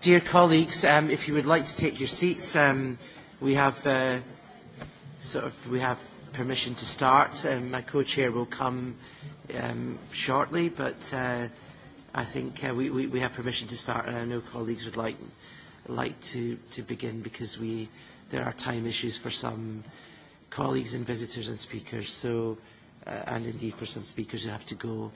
Dear colleagues, um, if you would like to take your seats, um, we have uh, sort of we have permission to start. Um, my co-chair will come um, shortly, but uh, I think uh, we, we, we have permission to start, and I know colleagues would like like to, to begin because we there are time issues for some colleagues and visitors and speakers. So, uh, and indeed for some speakers who have to go.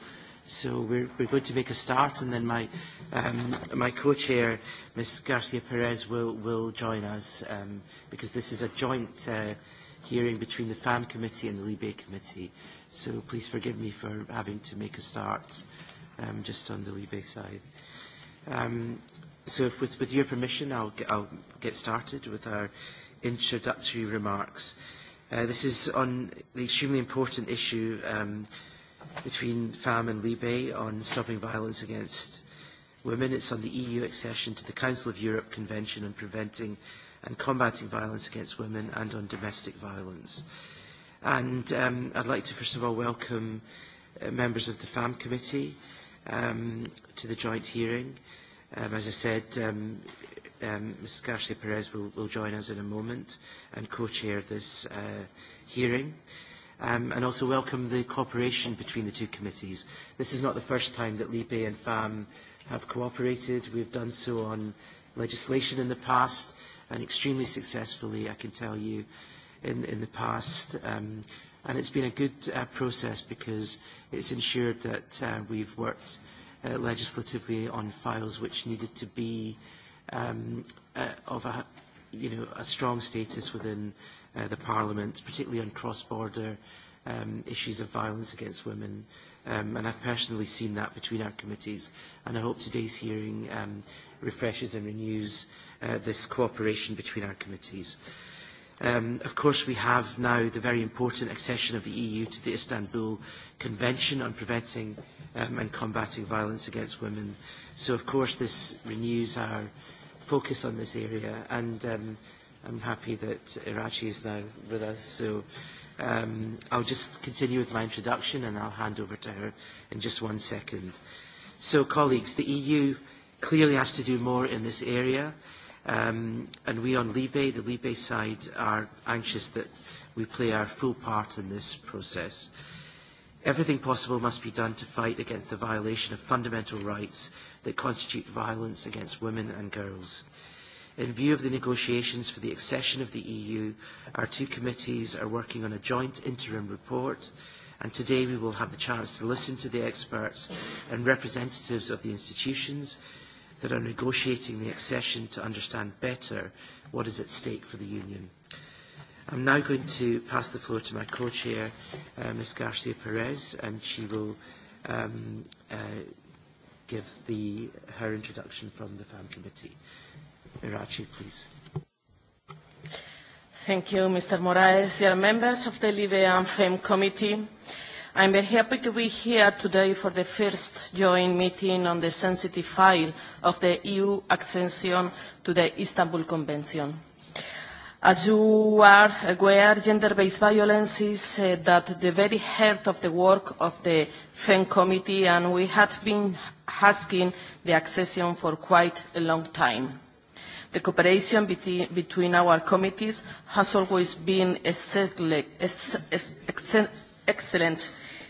So we're, we're going to make a start and then my, um, my co-chair, Ms. Garcia Perez, will, will join us um, because this is a joint uh, hearing between the FAM committee and the Libe committee. So please forgive me for having to make a start um, just on the Libe side. Um, so if with, with your permission, I'll get, I'll get started with our introductory remarks. Uh, this is on the extremely important issue um, between FAM and Libe on stopping violence against women. It's on the EU accession to the Council of Europe Convention on Preventing and Combating Violence Against Women and on Domestic Violence. And um, I'd like to first of all welcome uh, members of the FAM committee um, to the joint hearing. Um, as I said, um, um, Ms. Garcia Perez will, will join us in a moment and co-chair this uh, hearing um, and also welcome the cooperation between the two committees. This is not the first time that Libe and FAM have cooperated. We've done so on legislation in the past and extremely successfully, I can tell you, in, in the past. Um, and it's been a good uh, process because it's ensured that uh, we've worked uh, legislatively on files which needed to be um, uh, of a, you know, a strong status within Uh, the Parliament, particularly on cross-border um, issues of violence against women. Um, and I've personally seen that between our committees, and I hope today's hearing um, refreshes and renews uh, this cooperation between our committees. Um, of course, we have now the very important accession of the EU to the Istanbul Convention on Preventing um, and Combating Violence Against Women. So, of course, this renews our focus on this area, and um, I'm happy that Irachi is now with us, so um, I'll just continue with my introduction and I'll hand over to her in just one second. So, colleagues, the EU clearly has to do more in this area, um, and we on Libe, the Libe side, are anxious that we play our full part in this process. Everything possible must be done to fight against the violation of fundamental rights that constitute violence against women and girls. In view of the negotiations for the accession of the EU, our two committees are working on a joint interim report, and today we will have the chance to listen to the experts and representatives of the institutions that are negotiating the accession to understand better what is at stake for the Union. I'm now going to pass the floor to my co-chair, uh, Ms Garcia Perez, and she will um, uh, give the, her introduction from the FAM committee. Irachi, please. Thank you, Mr. Moraes. Dear members of the Libre and FEM committee, I'm very happy to be here today for the first joint meeting on the sensitive file of the EU accession to the Istanbul Convention. As you are aware, gender-based violence is uh, at the very heart of the work of the FEM committee and we have been asking the accession for quite a long time. The cooperation between, our committees has always been excellent,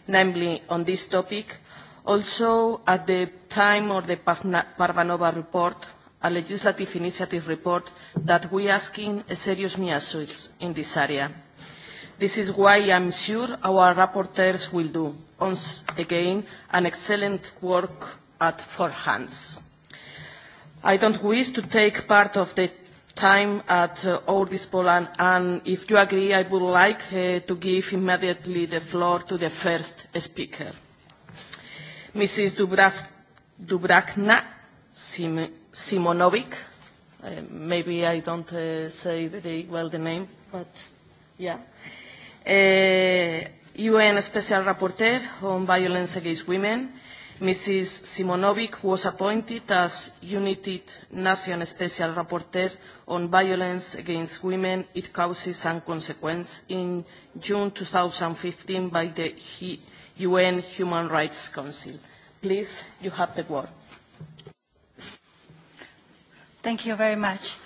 namely on this topic. Also, at the time of the Parvanova report, a legislative initiative report, that we are asking serious measures in this area. This is why I'm sure our rapporteurs will do, once again, an excellent work at four hands. I don't wish to take part of the time at uh, all this Poland, and if you agree, I would like uh, to give immediately the floor to the first speaker. Mrs. Dubrav Dubrakna Sim Simonovic. Uh, maybe I don't uh, say very well the name, but yeah. Uh, UN Special Rapporteur on Violence Against Women Mrs. Simonovic was appointed as United Nations Special Rapporteur on Violence Against Women, It Causes and Consequences in June 2015 by the UN Human Rights Council. Please, you have the word. Thank you very much.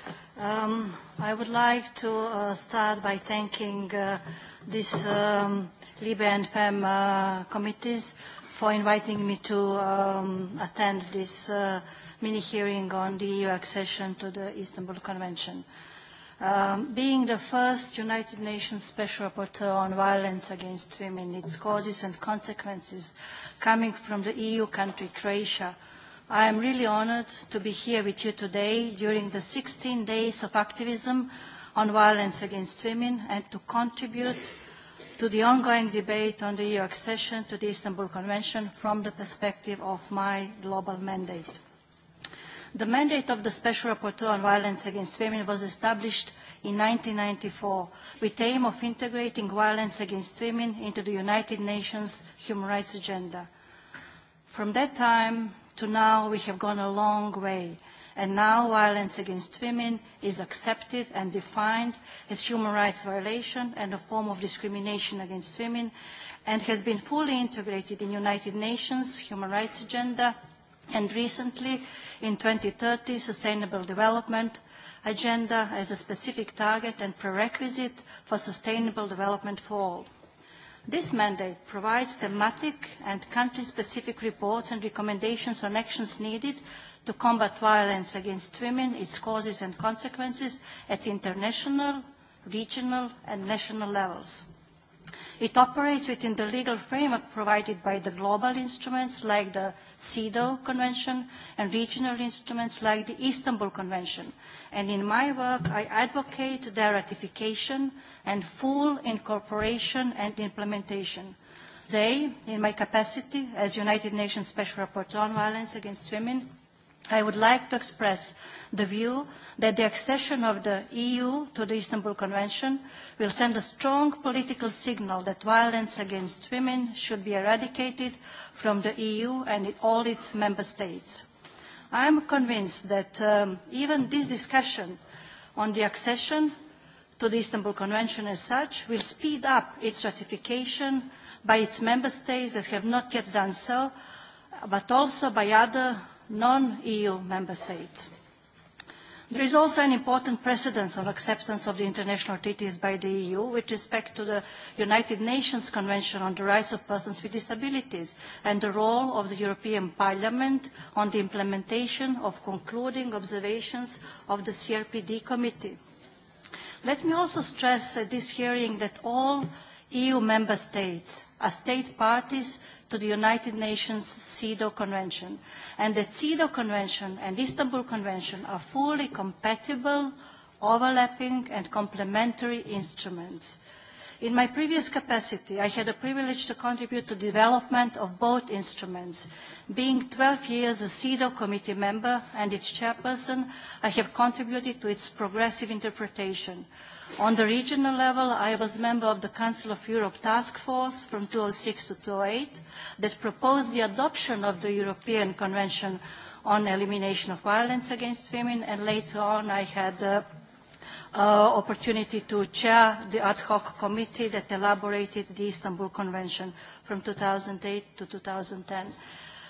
Um, I would like to uh, start by thanking uh, this um, Libe and FEM uh, committees for inviting me to um, attend this uh, mini-hearing on the EU accession to the Istanbul Convention. Um, being the first United Nations Special Rapporteur on violence against women, its causes and consequences coming from the EU country, Croatia, I am really honored to be here with you today during the 16 days of activism on violence against women and to contribute to the ongoing debate on the EU accession to the Istanbul Convention from the perspective of my global mandate. The mandate of the Special Rapporteur on Violence Against Women was established in 1994 with the aim of integrating violence against women into the United Nations human rights agenda. From that time to now, we have gone a long way and now violence against women is accepted and defined as human rights violation and a form of discrimination against women and has been fully integrated in United Nations human rights agenda and recently in 2030 sustainable development agenda as a specific target and prerequisite for sustainable development for all. This mandate provides thematic and country-specific reports and recommendations on actions needed to combat violence against women, its causes and consequences at international, regional and national levels. It operates within the legal framework provided by the global instruments like the CEDAW Convention and regional instruments like the Istanbul Convention. And in my work, I advocate their ratification and full incorporation and implementation. They, in my capacity as United Nations Special Rapporteur on Violence Against Women, I would like to express the view that the accession of the EU to the Istanbul Convention will send a strong political signal that violence against women should be eradicated from the EU and all its member states. I am convinced that um, even this discussion on the accession to the Istanbul Convention as such will speed up its ratification by its member states that have not yet done so, but also by other non-EU member states. There is also an important precedence on acceptance of the international treaties by the EU with respect to the United Nations Convention on the Rights of Persons with Disabilities and the role of the European Parliament on the implementation of concluding observations of the CRPD Committee. Let me also stress at this hearing that all EU member states are state parties to the United Nations CEDAW Convention. And the CEDAW Convention and Istanbul Convention are fully compatible, overlapping and complementary instruments. In my previous capacity, I had the privilege to contribute to development of both instruments. Being 12 years a CEDAW committee member and its chairperson, I have contributed to its progressive interpretation. On the regional level, I was a member of the Council of Europe Task Force from 2006 to 2008 that proposed the adoption of the European Convention on Elimination of Violence Against Women, and later on I had uh, uh, opportunity to chair the ad hoc committee that elaborated the Istanbul Convention from 2008 to 2010.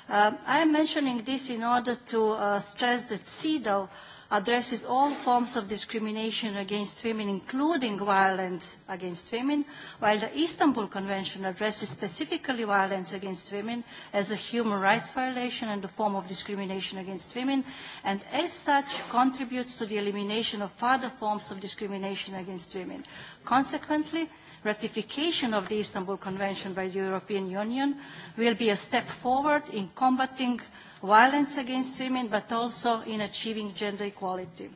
Uh, um, I am mentioning this in order to uh, stress that CEDAW addresses all forms of discrimination against women, including violence against women, while the Istanbul Convention addresses specifically violence against women as a human rights violation and a form of discrimination against women, and as such contributes to the elimination of further forms of discrimination against women. Consequently, ratification of the Istanbul Convention by the European Union will be a step forward in combating violence against women, but also in achieving gender equality.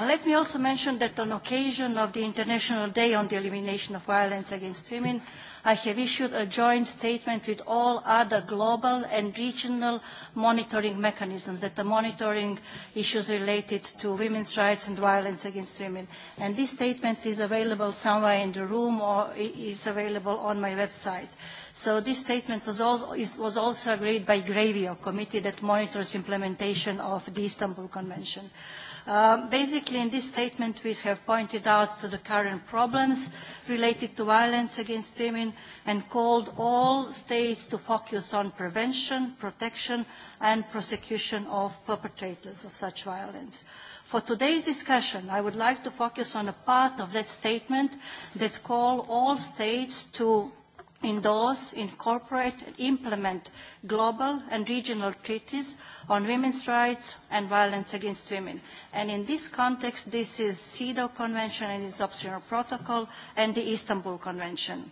Uh, let me also mention that on occasion of the International Day on the Elimination of Violence Against Women, I have issued a joint statement with all other global and regional monitoring mechanisms that are monitoring issues related to women's rights and violence against women. And this statement is available somewhere in the room or is available on my website. So this statement was, also, is, was also agreed by GRAVIO committee that monitors implementation of the Istanbul Convention. Uh, basically, in this statement, we have pointed out to the current problems related to violence against women and called all states to focus on prevention, protection, and prosecution of perpetrators of such violence. For today's discussion, I would like to focus on a part of that statement that call all states to endorse, incorporate and implement global and regional treaties on women's rights and violence against women. And in this context, this is CEDAW Convention and its optional protocol and the Istanbul Convention.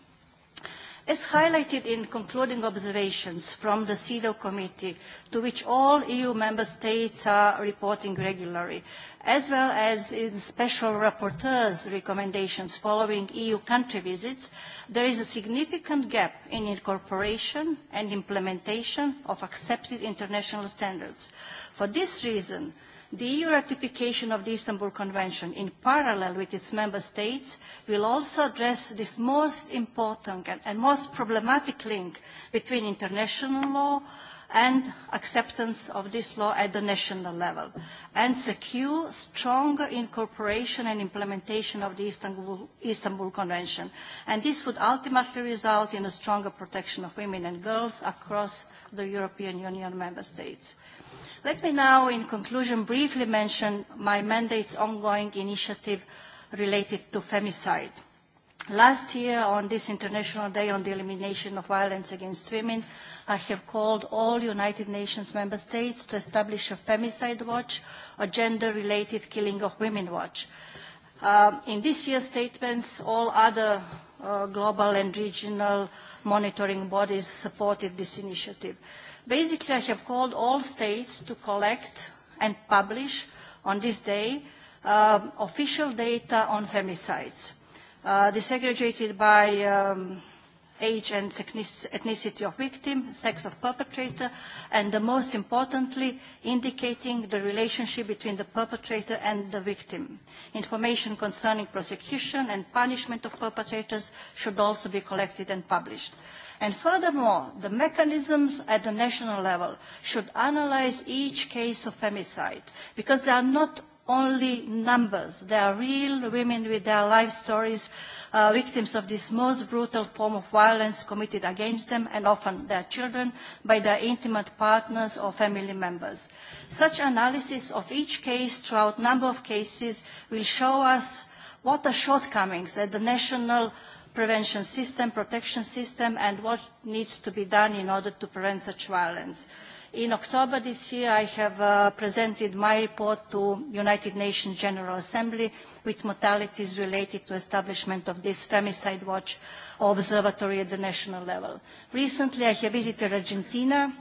As highlighted in concluding observations from the CEDAW committee, to which all EU member states are reporting regularly, as well as in special rapporteurs' recommendations following EU country visits, there is a significant gap in incorporation and implementation of accepted international standards. For this reason, The EU ratification of the Istanbul Convention in parallel with its member states will also address this most important and, and most problematic link between international law and acceptance of this law at the national level and secure stronger incorporation and implementation of the Istanbul, Istanbul Convention. And this would ultimately result in a stronger protection of women and girls across the European Union member states. Let me now, in conclusion, briefly mention my mandate's ongoing initiative related to femicide. Last year, on this International Day on the Elimination of Violence Against Women, I have called all United Nations member states to establish a femicide watch, a gender-related killing of women watch. Um, in this year's statements, all other uh, global and regional monitoring bodies supported this initiative. Uh, Basically, I have called all states to collect and publish on this day uh, official data on femicides, uh, disaggregated by um, age and ethnicity of victim, sex of perpetrator, and the most importantly, indicating the relationship between the perpetrator and the victim. Information concerning prosecution and punishment of perpetrators should also be collected and published. And furthermore, the mechanisms at the national level should analyze each case of femicide because they are not only numbers. They are real women with their life stories, uh, victims of this most brutal form of violence committed against them and often their children by their intimate partners or family members. Such analysis of each case throughout number of cases will show us what are shortcomings at the national level prevention system, protection system, and what needs to be done in order to prevent such violence. In October this year, I have uh, presented my report to United Nations General Assembly with modalities related to establishment of this femicide watch observatory at the national level. Recently, I have visited Argentina,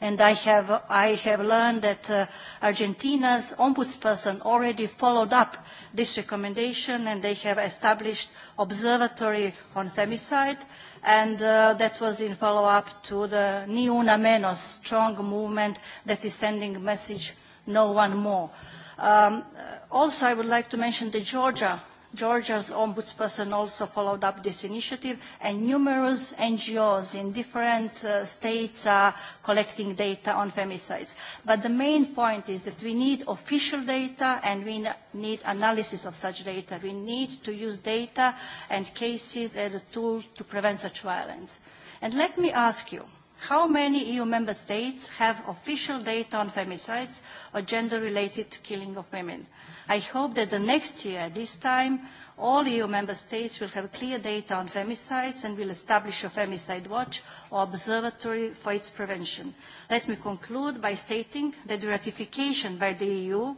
and I have, I have learned that uh, Argentina's ombudsperson already followed up this recommendation and they have established observatory on femicide and uh, that was in follow-up to the Ni Una Menos strong movement that is sending message no one more. Um, uh, also, I would like to mention the Georgia Georgia's ombudsperson also followed up this initiative, and numerous NGOs in different uh, states are collecting data on femicides. But the main point is that we need official data and we need analysis of such data. We need to use data and cases as a tool to prevent such violence. And let me ask you, how many EU member states have official data on femicides or gender-related killing of women? I hope that the next year, this time, all EU member states will have clear data on femicides and will establish a femicide watch or observatory for its prevention. Let me conclude by stating that the ratification by the EU,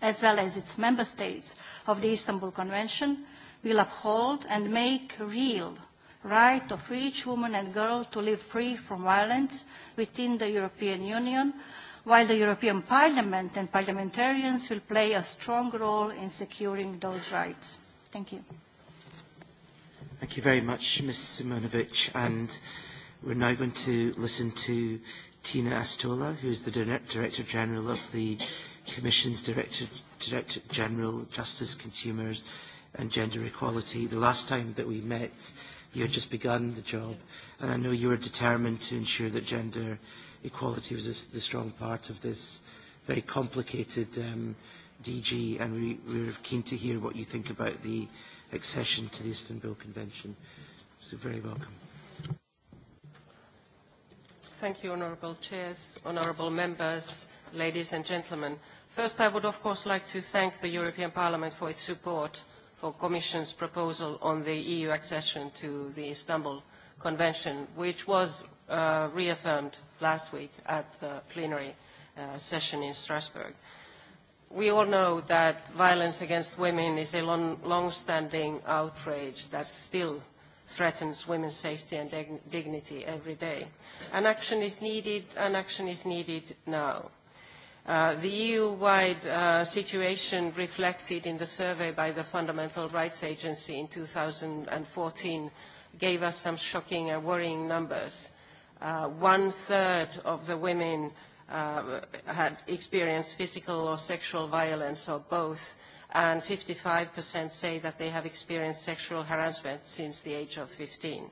as well as its member states, of the Istanbul Convention will uphold and make real right of each woman and girl to live free from violence within the European Union while the European Parliament and parliamentarians will play a strong role in securing those rights. Thank you. Thank you very much, Ms. Simonovic. And we're now going to listen to Tina Astola, who is the Director General of the Commission's Director, Director General Justice, Consumers and Gender Equality. The last time that we met, you had just begun the job, and I know you were determined to ensure that gender equality was a, the strong part of this very complicated um, DG, and we, we're keen to hear what you think about the accession to the Istanbul Convention. So very welcome. Thank you, Honourable Chairs, Honourable Members, ladies and gentlemen. First, I would of course like to thank the European Parliament for its support for Commission's proposal on the EU accession to the Istanbul Convention, which was uh, reaffirmed last week at the plenary uh, session in Strasbourg. We all know that violence against women is a long-standing long outrage that still threatens women's safety and dig dignity every day. And action is needed, and action is needed now. Uh, the EU-wide uh, situation reflected in the survey by the Fundamental Rights Agency in 2014 gave us some shocking and worrying numbers uh, one-third of the women uh, had experienced physical or sexual violence or both, and 55% say that they have experienced sexual harassment since the age of 15.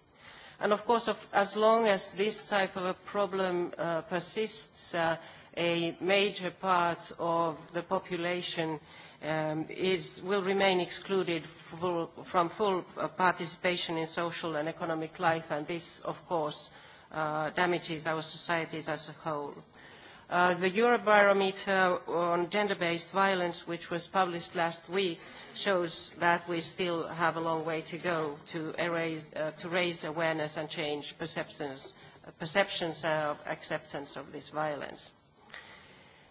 And of course, of, as long as this type of a problem uh, persists, uh, a major part of the population um, is, will remain excluded full, from full participation in social and economic life, and this, of course, uh, uh, damages our societies as a whole. Uh, the Eurobarometer on gender-based violence, which was published last week, shows that we still have a long way to go to, erase, uh, to raise awareness and change perceptions, uh, perceptions of acceptance of this violence.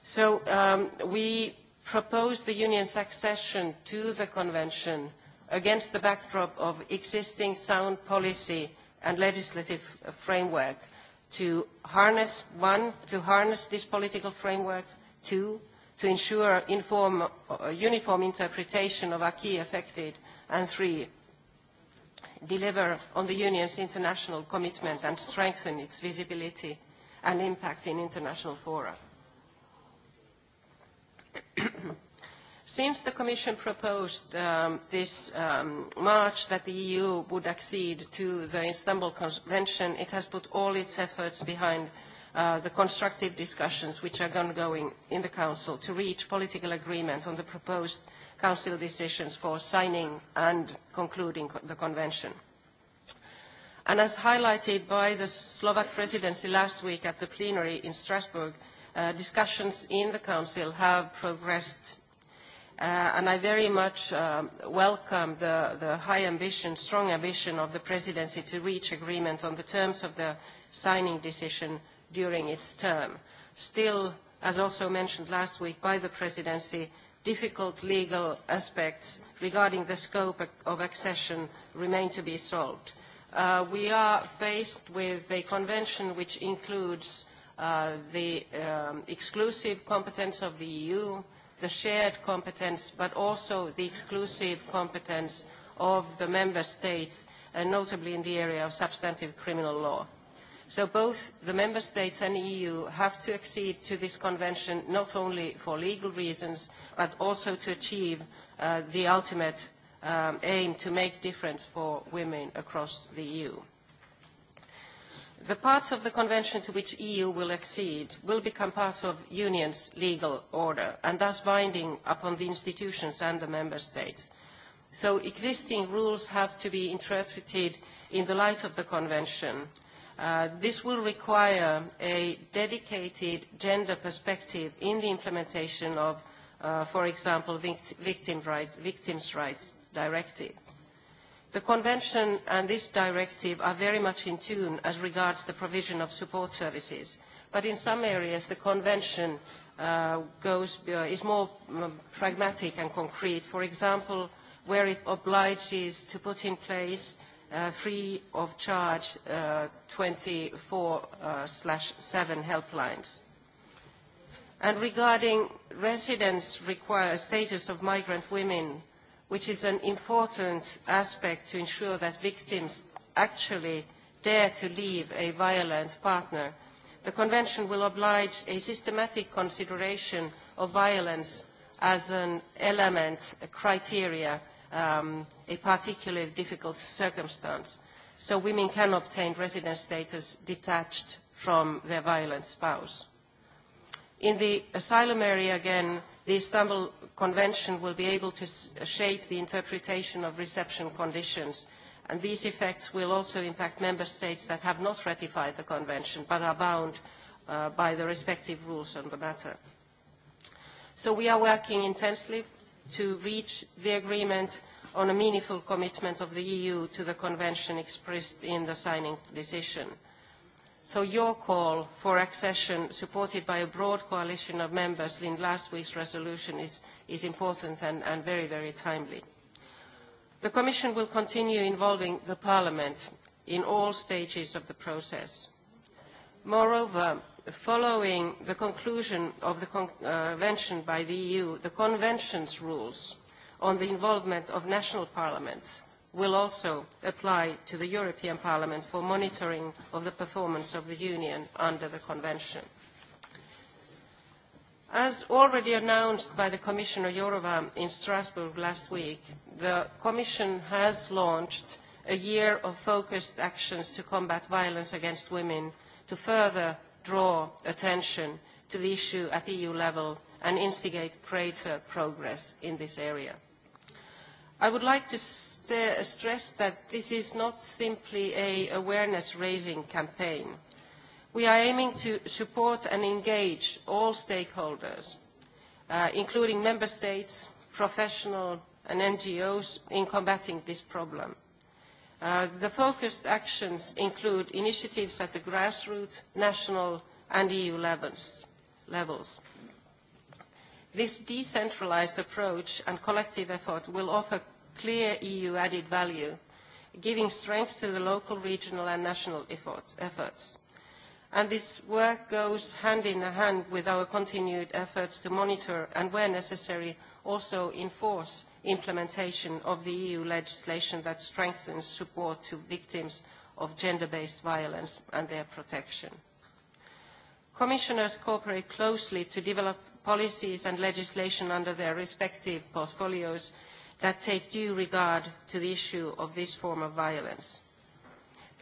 So um, we propose the Union's accession to the Convention against the backdrop of existing sound policy and legislative framework to harness, one, to harness this political framework, two, to ensure inform, uh, uniform interpretation of acquis affected, and three, deliver on the Union's international commitment and strengthen its visibility and impact in international fora. Since the Commission proposed um, this um, March that the EU would accede to the Istanbul Convention, it has put all its efforts behind uh, the constructive discussions which are ongoing in the Council to reach political agreement on the proposed Council decisions for signing and concluding the Convention. And as highlighted by the Slovak presidency last week at the plenary in Strasbourg, uh, discussions in the Council have progressed Uh, and I very much uh, welcome the, the high ambition, strong ambition of the presidency to reach agreement on the terms of the signing decision during its term. Still, as also mentioned last week by the presidency, difficult legal aspects regarding the scope of accession remain to be solved. Uh, we are faced with a convention which includes uh, the um, exclusive competence of the EU, the shared competence but also the exclusive competence of the member states, and uh, notably in the area of substantive criminal law. So both the member states and EU e have to accede to this convention not only for legal reasons but also to achieve uh, the ultimate um, aim to make difference for women across the EU. The parts of the Convention to which EU will accede will become part of Union's legal order and thus binding upon the institutions and the Member States. So existing rules have to be interpreted in the light of the Convention. Uh, this will require a dedicated gender perspective in the implementation of, uh, for example, vict victim rights, Victims' Rights Directive. The Convention and this directive are very much in tune as regards the provision of support services, but in some areas the Convention uh, goes, uh, is more um, pragmatic and concrete, for example, where it obliges to put in place uh, free of charge uh, 24-7 uh, helplines. And regarding residence require, status of migrant women, which is an important aspect to ensure that victims actually dare to leave a violent partner. The Convention will oblige a systematic consideration of violence as an element, a criteria, um, a particularly difficult circumstance. So women can obtain residence status detached from their violent spouse. In the asylum area again, the Istanbul Convention will be able to uh, shape the interpretation of reception conditions, and these effects will also impact member states that have not ratified the convention but are bound uh, by the respective rules on the matter. So we are working intensely to reach the agreement on a meaningful commitment of the EU to the convention expressed in the signing decision. So your call for accession, supported by a broad coalition of members in last week's resolution, is, is important and, and very, very timely. The Commission will continue involving the Parliament in all stages of the process. Moreover, following the conclusion of the uh, convention by the EU, the Convention's rules on the involvement of national parliaments will also apply to the European Parliament for monitoring of the performance of the Union under the Convention. As already announced by the Commissioner Jourova in Strasbourg last week, the Commission has launched a year of focused actions to combat violence against women to further draw attention to the issue at EU level and instigate greater progress in this area. I would like to uh, stress that this is not simply an awareness-raising campaign. We are aiming to support and engage all stakeholders, uh, including member states, professional and NGOs, in combating this problem. Uh, the focused actions include initiatives at the grassroots, national and EU levels. levels. This decentralized approach and collective effort will offer clear EU added value, giving strength to the local, regional and national efforts. efforts. And this work goes hand in hand with our continued efforts to monitor and, where necessary, also enforce implementation of the EU legislation that strengthens support to victims of gender-based violence and their protection. Commissioners cooperate closely to develop policies and legislation under their respective portfolios that take due regard to the issue of this form of violence.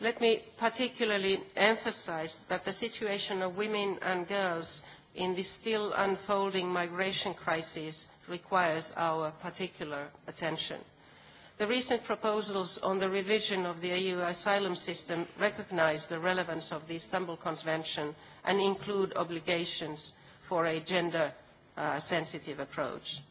Let me particularly emphasize that the situation of women and girls in this still unfolding migration crisis requires our particular attention. The recent proposals on the revision of the EU asylum system recognize the relevance of the Istanbul Convention and include obligations for a gender-sensitive uh, approach.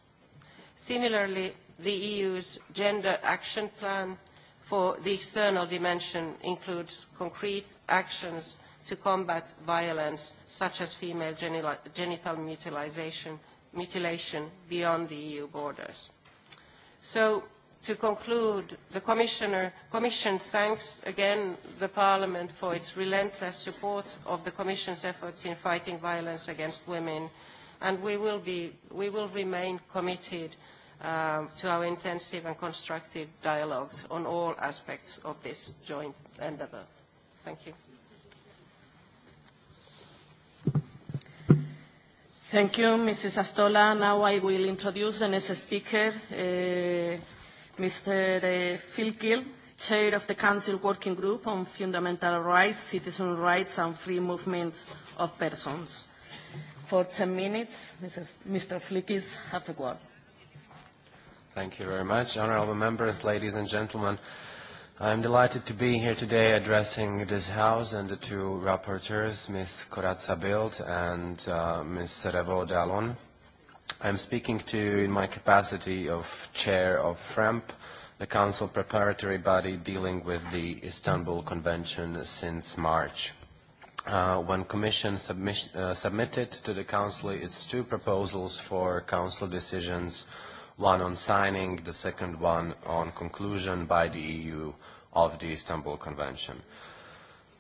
Similarly, the EU's Gender Action Plan for the external dimension includes concrete actions to combat violence such as female genital mutilation, mutilation beyond the EU borders. So to conclude, the Commissioner, Commission thanks again the Parliament for its relentless support of the Commission's efforts in fighting violence against women and we will, be, we will remain committed um, to our intensive and constructive dialogues on all aspects of this joint endeavour. Thank you. Thank you, Mrs. Astola. Now I will introduce the next speaker, uh, Mr. Uh, Phil Gill, Chair of the Council Working Group on Fundamental Rights, Citizen Rights and Free Movements of Persons. For 10 minutes, Mrs. Mr. Flickis, have the word. Thank you very much. Honorable members, ladies and gentlemen, I am delighted to be here today addressing this House and the two rapporteurs, Ms. Corazza Bild and uh, Ms. Serevo Dallon. I am speaking to you in my capacity of Chair of FRAMP, the Council preparatory body dealing with the Istanbul Convention since March. Uh, when Commission submis uh, submitted to the Council its two proposals for Council decisions one on signing, the second one on conclusion by the EU of the Istanbul Convention.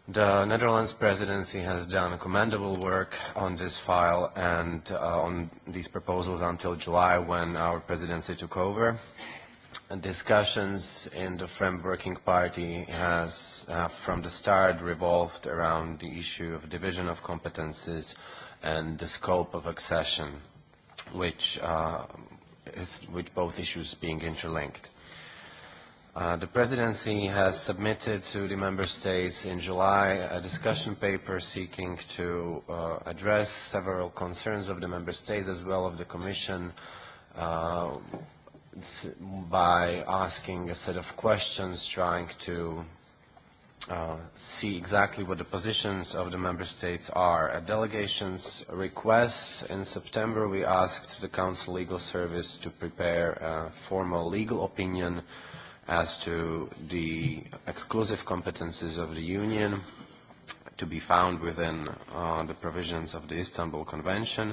The Netherlands presidency has done commendable work on this file and uh, on these proposals until July when our presidency took over. And discussions in the Frem Working Party has uh, from the start revolved around the issue of division of competences and the scope of accession, which uh, is with both issues being interlinked. Uh, the presidency has submitted to the member states in July a discussion paper seeking to uh, address several concerns of the member states as well of the commission uh, by asking a set of questions trying to uh, see exactly what the positions of the member states are. At delegations request in September, we asked the Council Legal Service to prepare a formal legal opinion as to the exclusive competences of the Union to be found within uh, the provisions of the Istanbul Convention.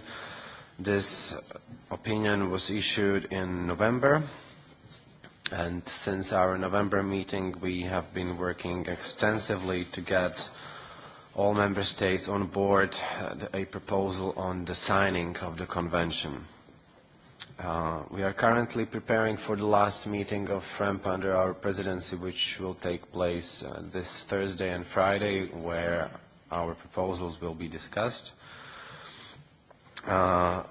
This opinion was issued in November And since our November meeting, we have been working extensively to get all member states on board a proposal on the signing of the convention. Uh, we are currently preparing for the last meeting of FREMP under our presidency, which will take place uh, this Thursday and Friday, where our proposals will be discussed. Uh,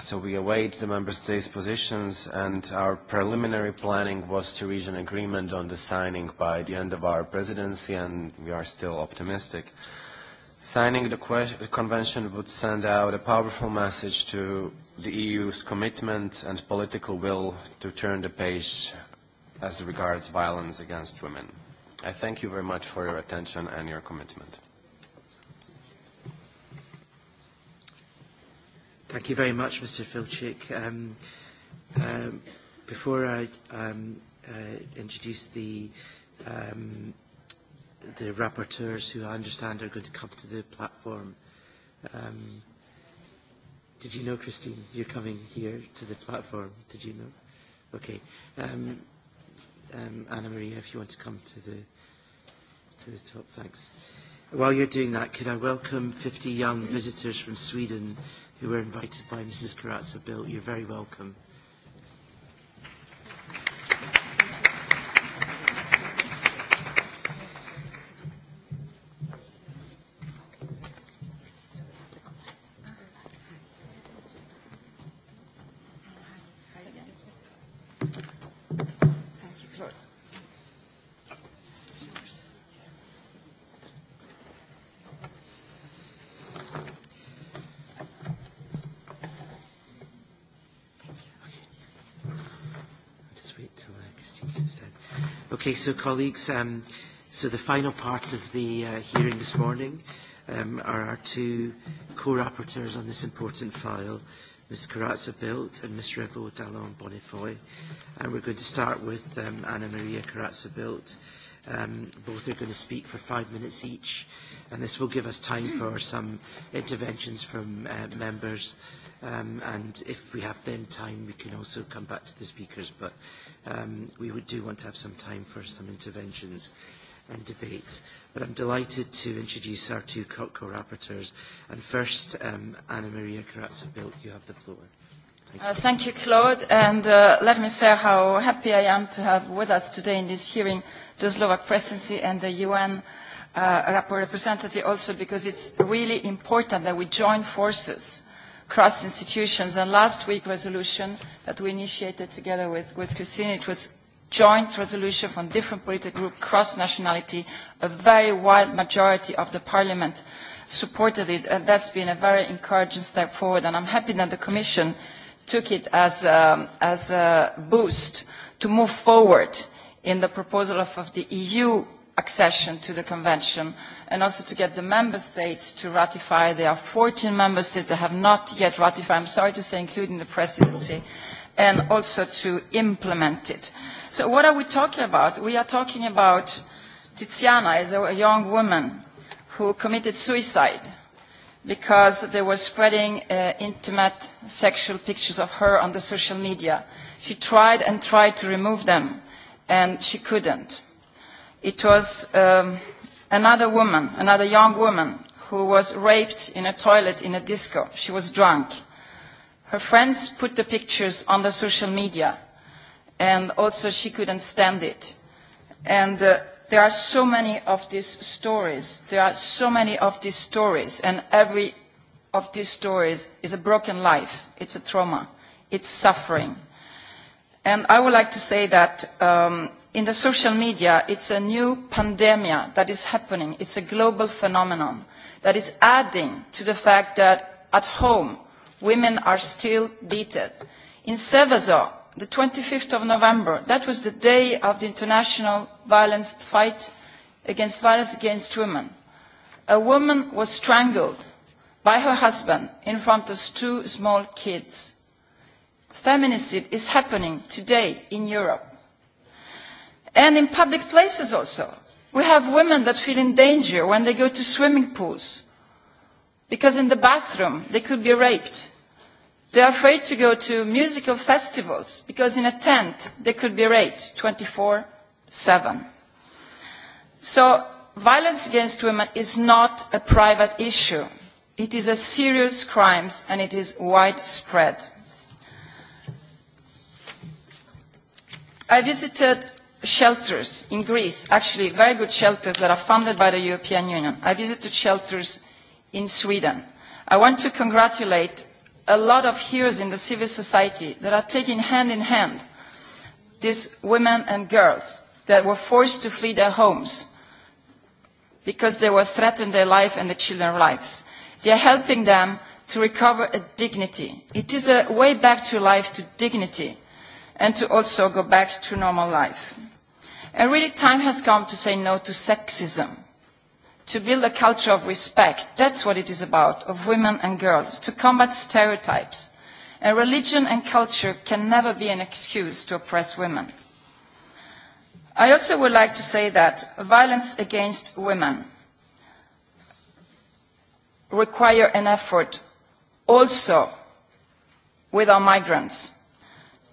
So we await the Member States' positions, and our preliminary planning was to reach an agreement on the signing by the end of our presidency, and we are still optimistic. Signing the, the convention would send out a powerful message to the EU's commitment and political will to turn the page as regards violence against women. I thank you very much for your attention and your commitment. Thank you very much, Mr. Filchik. Um, um, before I um, uh, introduce the um, the rapporteurs who I understand are going to come to the platform. Um, did you know, Christine, you're coming here to the platform? Did you know? Okay. Um, um, Anna Maria, if you want to come to the, to the top, thanks. While you're doing that, could I welcome 50 young visitors from Sweden who were invited by Mrs. Carazza Bill. You're very welcome. Okay, so colleagues, um, so the final part of the uh, hearing this morning um, are our two co-rapporteurs on this important file, Ms. Carazza Bilt and Ms. Revo Dallon Bonifoy. And we're going to start with um, Anna Maria Carazza Bilt. Um, both are going to speak for five minutes each, and this will give us time for some interventions from uh, members Um, and if we have then time, we can also come back to the speakers, but um, we would do want to have some time for some interventions and debate. But I'm delighted to introduce our two co-rapporteurs. and first, um, Anna Maria Carazza-Bilt, you have the floor. Thank you. Uh, thank you, Claude, and uh, let me say how happy I am to have with us today in this hearing the Slovak presidency and the UN uh, representative also because it's really important that we join forces cross institutions. And last week resolution that we initiated together with, with Christine, it was joint resolution from different political groups, cross-nationality, a very wide majority of the parliament supported it, and that's been a very encouraging step forward, and I'm happy that the Commission took it as a, um, as a boost to move forward in the proposal of, of the EU accession to the convention and also to get the member states to ratify. There are 14 member states that have not yet ratified, I'm sorry to say, including the presidency, and also to implement it. So what are we talking about? We are talking about Tiziana is a young woman who committed suicide because they were spreading uh, intimate sexual pictures of her on the social media. She tried and tried to remove them, and she couldn't. It was um, another woman, another young woman, who was raped in a toilet in a disco. She was drunk. Her friends put the pictures on the social media, and also she couldn't stand it. And uh, there are so many of these stories. There are so many of these stories, and every of these stories is a broken life. It's a trauma. It's suffering. And I would like to say that um, in the social media, it's a new pandemia that is happening. It's a global phenomenon that is adding to the fact that at home, women are still beaten. In Seveso, the 25th of November, that was the day of the international violence fight against violence against women. A woman was strangled by her husband in front of two small kids. Feminicide is happening today in Europe. And in public places also. We have women that feel in danger when they go to swimming pools because in the bathroom they could be raped. They are afraid to go to musical festivals because in a tent they could be raped 24-7. So violence against women is not a private issue. It is a serious crime and it is widespread. I visited shelters in Greece, actually very good shelters that are funded by the European Union. I visited shelters in Sweden. I want to congratulate a lot of heroes in the civil society that are taking hand in hand these women and girls that were forced to flee their homes because they were threatened their life and the children's lives. They are helping them to recover a dignity. It is a way back to life, to dignity, and to also go back to normal life. And really time has come to say no to sexism, to build a culture of respect. That's what it is about, of women and girls, to combat stereotypes. And religion and culture can never be an excuse to oppress women. I also would like to say that violence against women require an effort also with our migrants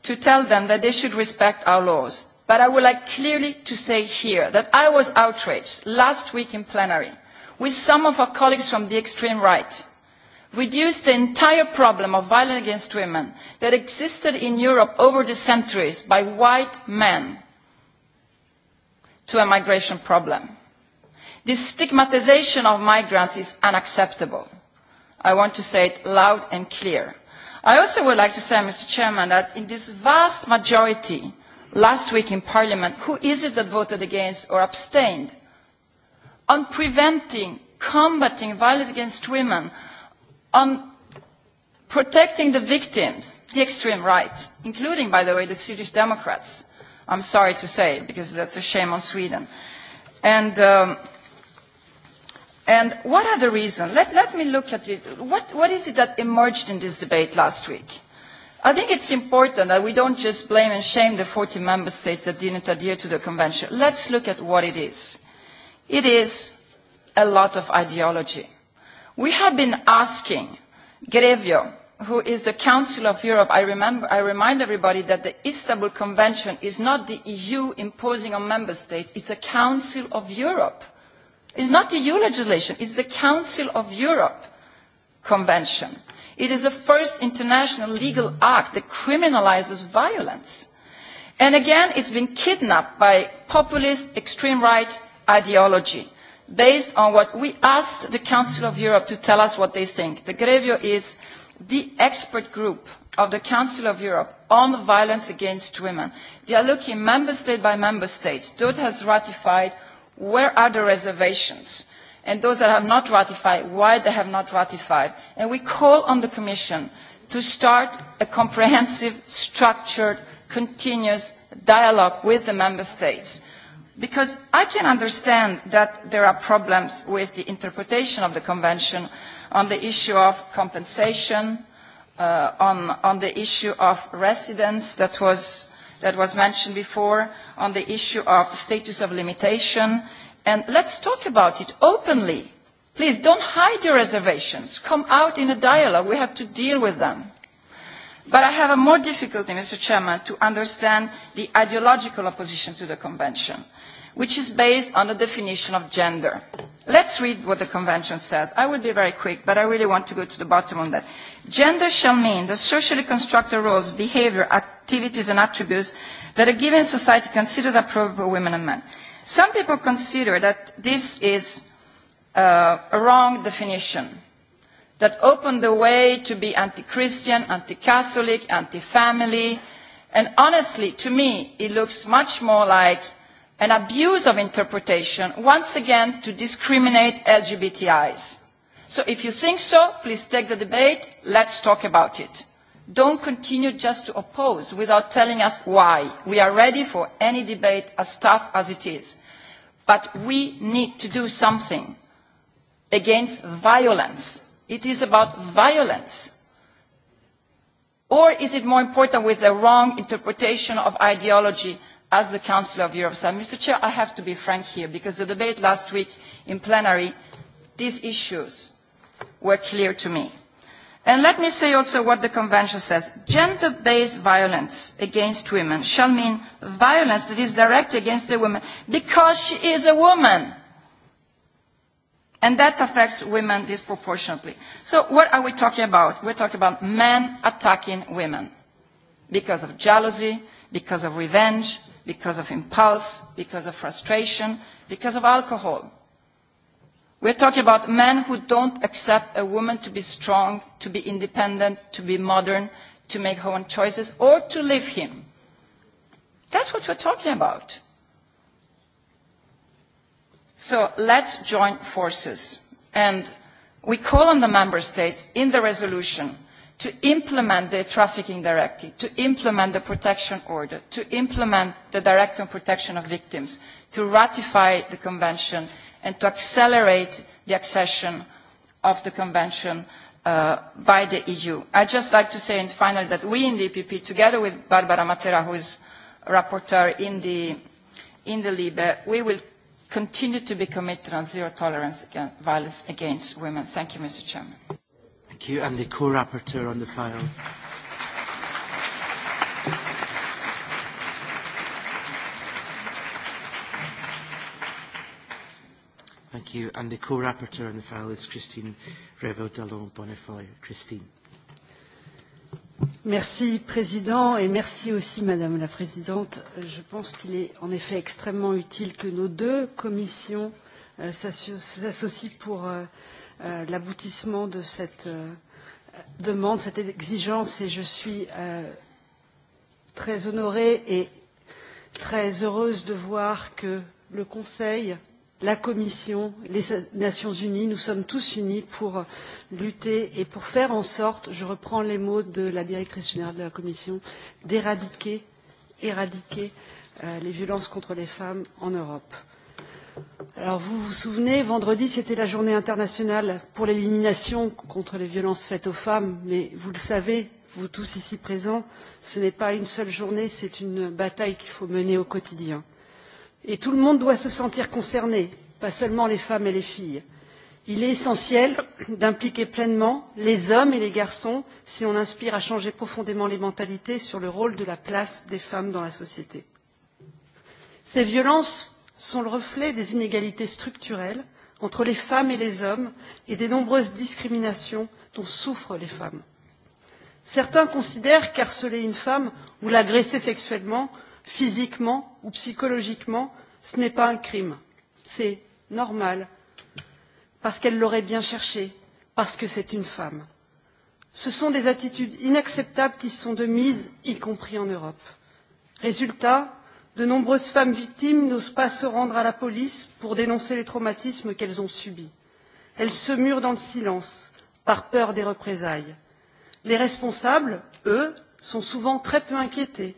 to tell them that they should respect our laws, But I would like clearly to say here that I was outraged last week in plenary with some of our colleagues from the extreme right reduced the entire problem of violence against women that existed in Europe over the centuries by white men to a migration problem. The stigmatization of migrants is unacceptable. I want to say it loud and clear. I also would like to say, Mr. Chairman, that in this vast majority last week in Parliament, who is it that voted against or abstained? On preventing, combating violence against women, on protecting the victims, the extreme right, including, by the way, the Swedish Democrats, I'm sorry to say, because that's a shame on Sweden. And, um, and what are the reasons? Let, let me look at it. What, what is it that emerged in this debate last week? I think it's important that we don't just blame and shame the 40 member states that didn't adhere to the convention. Let's look at what it is. It is a lot of ideology. We have been asking Grevio, who is the Council of Europe, I, remember, I remind everybody that the Istanbul Convention is not the EU imposing on member states, it's a Council of Europe. It's not the EU legislation, it's the Council of Europe Convention. It is the first international legal act that criminalizes violence. And again, it's been kidnapped by populist extreme right ideology based on what we asked the Council of Europe to tell us what they think. The Grevio is the expert group of the Council of Europe on violence against women. They are looking member state by member state. DOT has ratified. Where are the reservations? and those that have not ratified, why they have not ratified. And we call on the Commission to start a comprehensive, structured, continuous dialogue with the Member States. Because I can understand that there are problems with the interpretation of the Convention on the issue of compensation, uh, on, on the issue of residence that was, that was mentioned before, on the issue of status of limitation, And let's talk about it openly. Please don't hide your reservations. Come out in a dialogue. We have to deal with them. But I have a more difficulty, Mr. Chairman, to understand the ideological opposition to the Convention, which is based on the definition of gender. Let's read what the Convention says. I will be very quick, but I really want to go to the bottom on that. Gender shall mean the socially constructed roles, behavior, activities, and attributes that a given society considers appropriate for women and men. Some people consider that this is uh, a wrong definition that opened the way to be anti-Christian, anti-Catholic, anti-family, and honestly, to me, it looks much more like an abuse of interpretation, once again, to discriminate LGBTIs. So if you think so, please take the debate, let's talk about it. Don't continue just to oppose without telling us why. We are ready for any debate as tough as it is. But we need to do something against violence. It is about violence. Or is it more important with the wrong interpretation of ideology as the Council of Europe said? Mr. Chair, I have to be frank here because the debate last week in plenary, these issues were clear to me. And let me say also what the Convention says. Gender-based violence against women shall mean violence that is directed against the woman because she is a woman. And that affects women disproportionately. So what are we talking about? We're talking about men attacking women because of jealousy, because of revenge, because of impulse, because of frustration, because of alcohol. We're talking about men who don't accept a woman to be strong, to be independent, to be modern, to make her own choices, or to leave him. That's what we're talking about. So let's join forces. And we call on the member states in the resolution to implement the trafficking directive, to implement the protection order, to implement the direct on protection of victims, to ratify the convention and to accelerate the accession of the Convention uh, by the EU. I'd just like to say, and finally, that we in the EPP, together with Barbara Matera, who is rapporteur in the, in the LIBE, we will continue to be committed on zero tolerance against violence against women. Thank you, Mr. Chairman. Thank you. the co-rapporteur on the file. Thank you. And the co-rapporteur on the file is Christine Revo Dallon Bonifoy. Christine. Merci, Président, et merci aussi, Madame la Présidente. Je pense qu'il est en effet extrêmement utile que nos deux commissions euh, s'associent pour euh, euh, l'aboutissement de cette euh, demande, cette exigence, et je suis euh, très honorée et très heureuse de voir que le Conseil la Commission, les Nations Unies, nous sommes tous unis pour lutter et pour faire en sorte, je reprends les mots de la directrice générale de la Commission, d'éradiquer, éradiquer euh, les violences contre les femmes en Europe. Alors vous vous souvenez, vendredi c'était la journée internationale pour l'élimination contre les violences faites aux femmes, mais vous le savez, vous tous ici présents, ce n'est pas une seule journée, c'est une bataille qu'il faut mener au quotidien. Et tout le monde doit se sentir concerné, pas seulement les femmes et les filles. Il est essentiel d'impliquer pleinement les hommes et les garçons si on inspire à changer profondément les mentalités sur le rôle de la place des femmes dans la société. Ces violences sont le reflet des inégalités structurelles entre les femmes et les hommes et des nombreuses discriminations dont souffrent les femmes. Certains considèrent qu'harceler une femme ou l'agresser sexuellement physiquement ou psychologiquement, ce n'est pas un crime. C'est normal, parce qu'elle l'aurait bien cherché, parce que c'est une femme. Ce sont des attitudes inacceptables qui sont de mise, y compris en Europe. Résultat, de nombreuses femmes victimes n'osent pas se rendre à la police pour dénoncer les traumatismes qu'elles ont subis. Elles se murent dans le silence, par peur des représailles. Les responsables, eux, sont souvent très peu inquiétés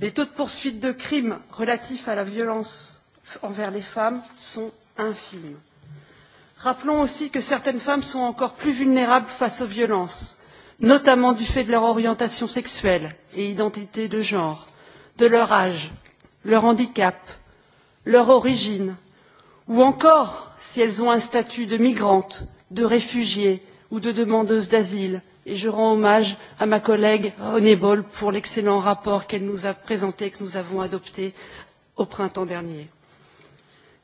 Les taux de poursuite de crimes relatifs à la violence envers les femmes sont infimes. Rappelons aussi que certaines femmes sont encore plus vulnérables face aux violences, notamment du fait de leur orientation sexuelle et identité de genre, de leur âge, leur handicap, leur origine, ou encore si elles ont un statut de migrante, de réfugiée ou de demandeuse d'asile, et je rends hommage à ma collègue René Boll pour l'excellent rapport qu'elle nous a présenté et que nous avons adopté au printemps dernier.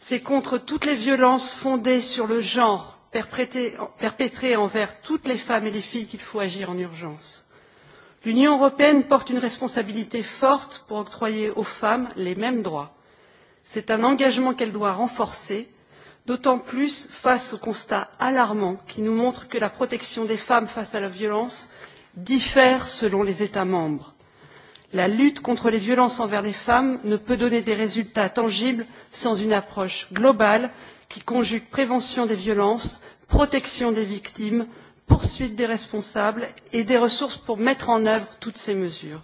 C'est contre toutes les violences fondées sur le genre perpétrées envers toutes les femmes et les filles qu'il faut agir en urgence. L'Union européenne porte une responsabilité forte pour octroyer aux femmes les mêmes droits. C'est un engagement qu'elle doit renforcer d'autant plus face au constat alarmant qui nous montre que la protection des femmes face à la violence diffère selon les États membres. La lutte contre les violences envers les femmes ne peut donner des résultats tangibles sans une approche globale qui conjugue prévention des violences, protection des victimes, poursuite des responsables et des ressources pour mettre en œuvre toutes ces mesures.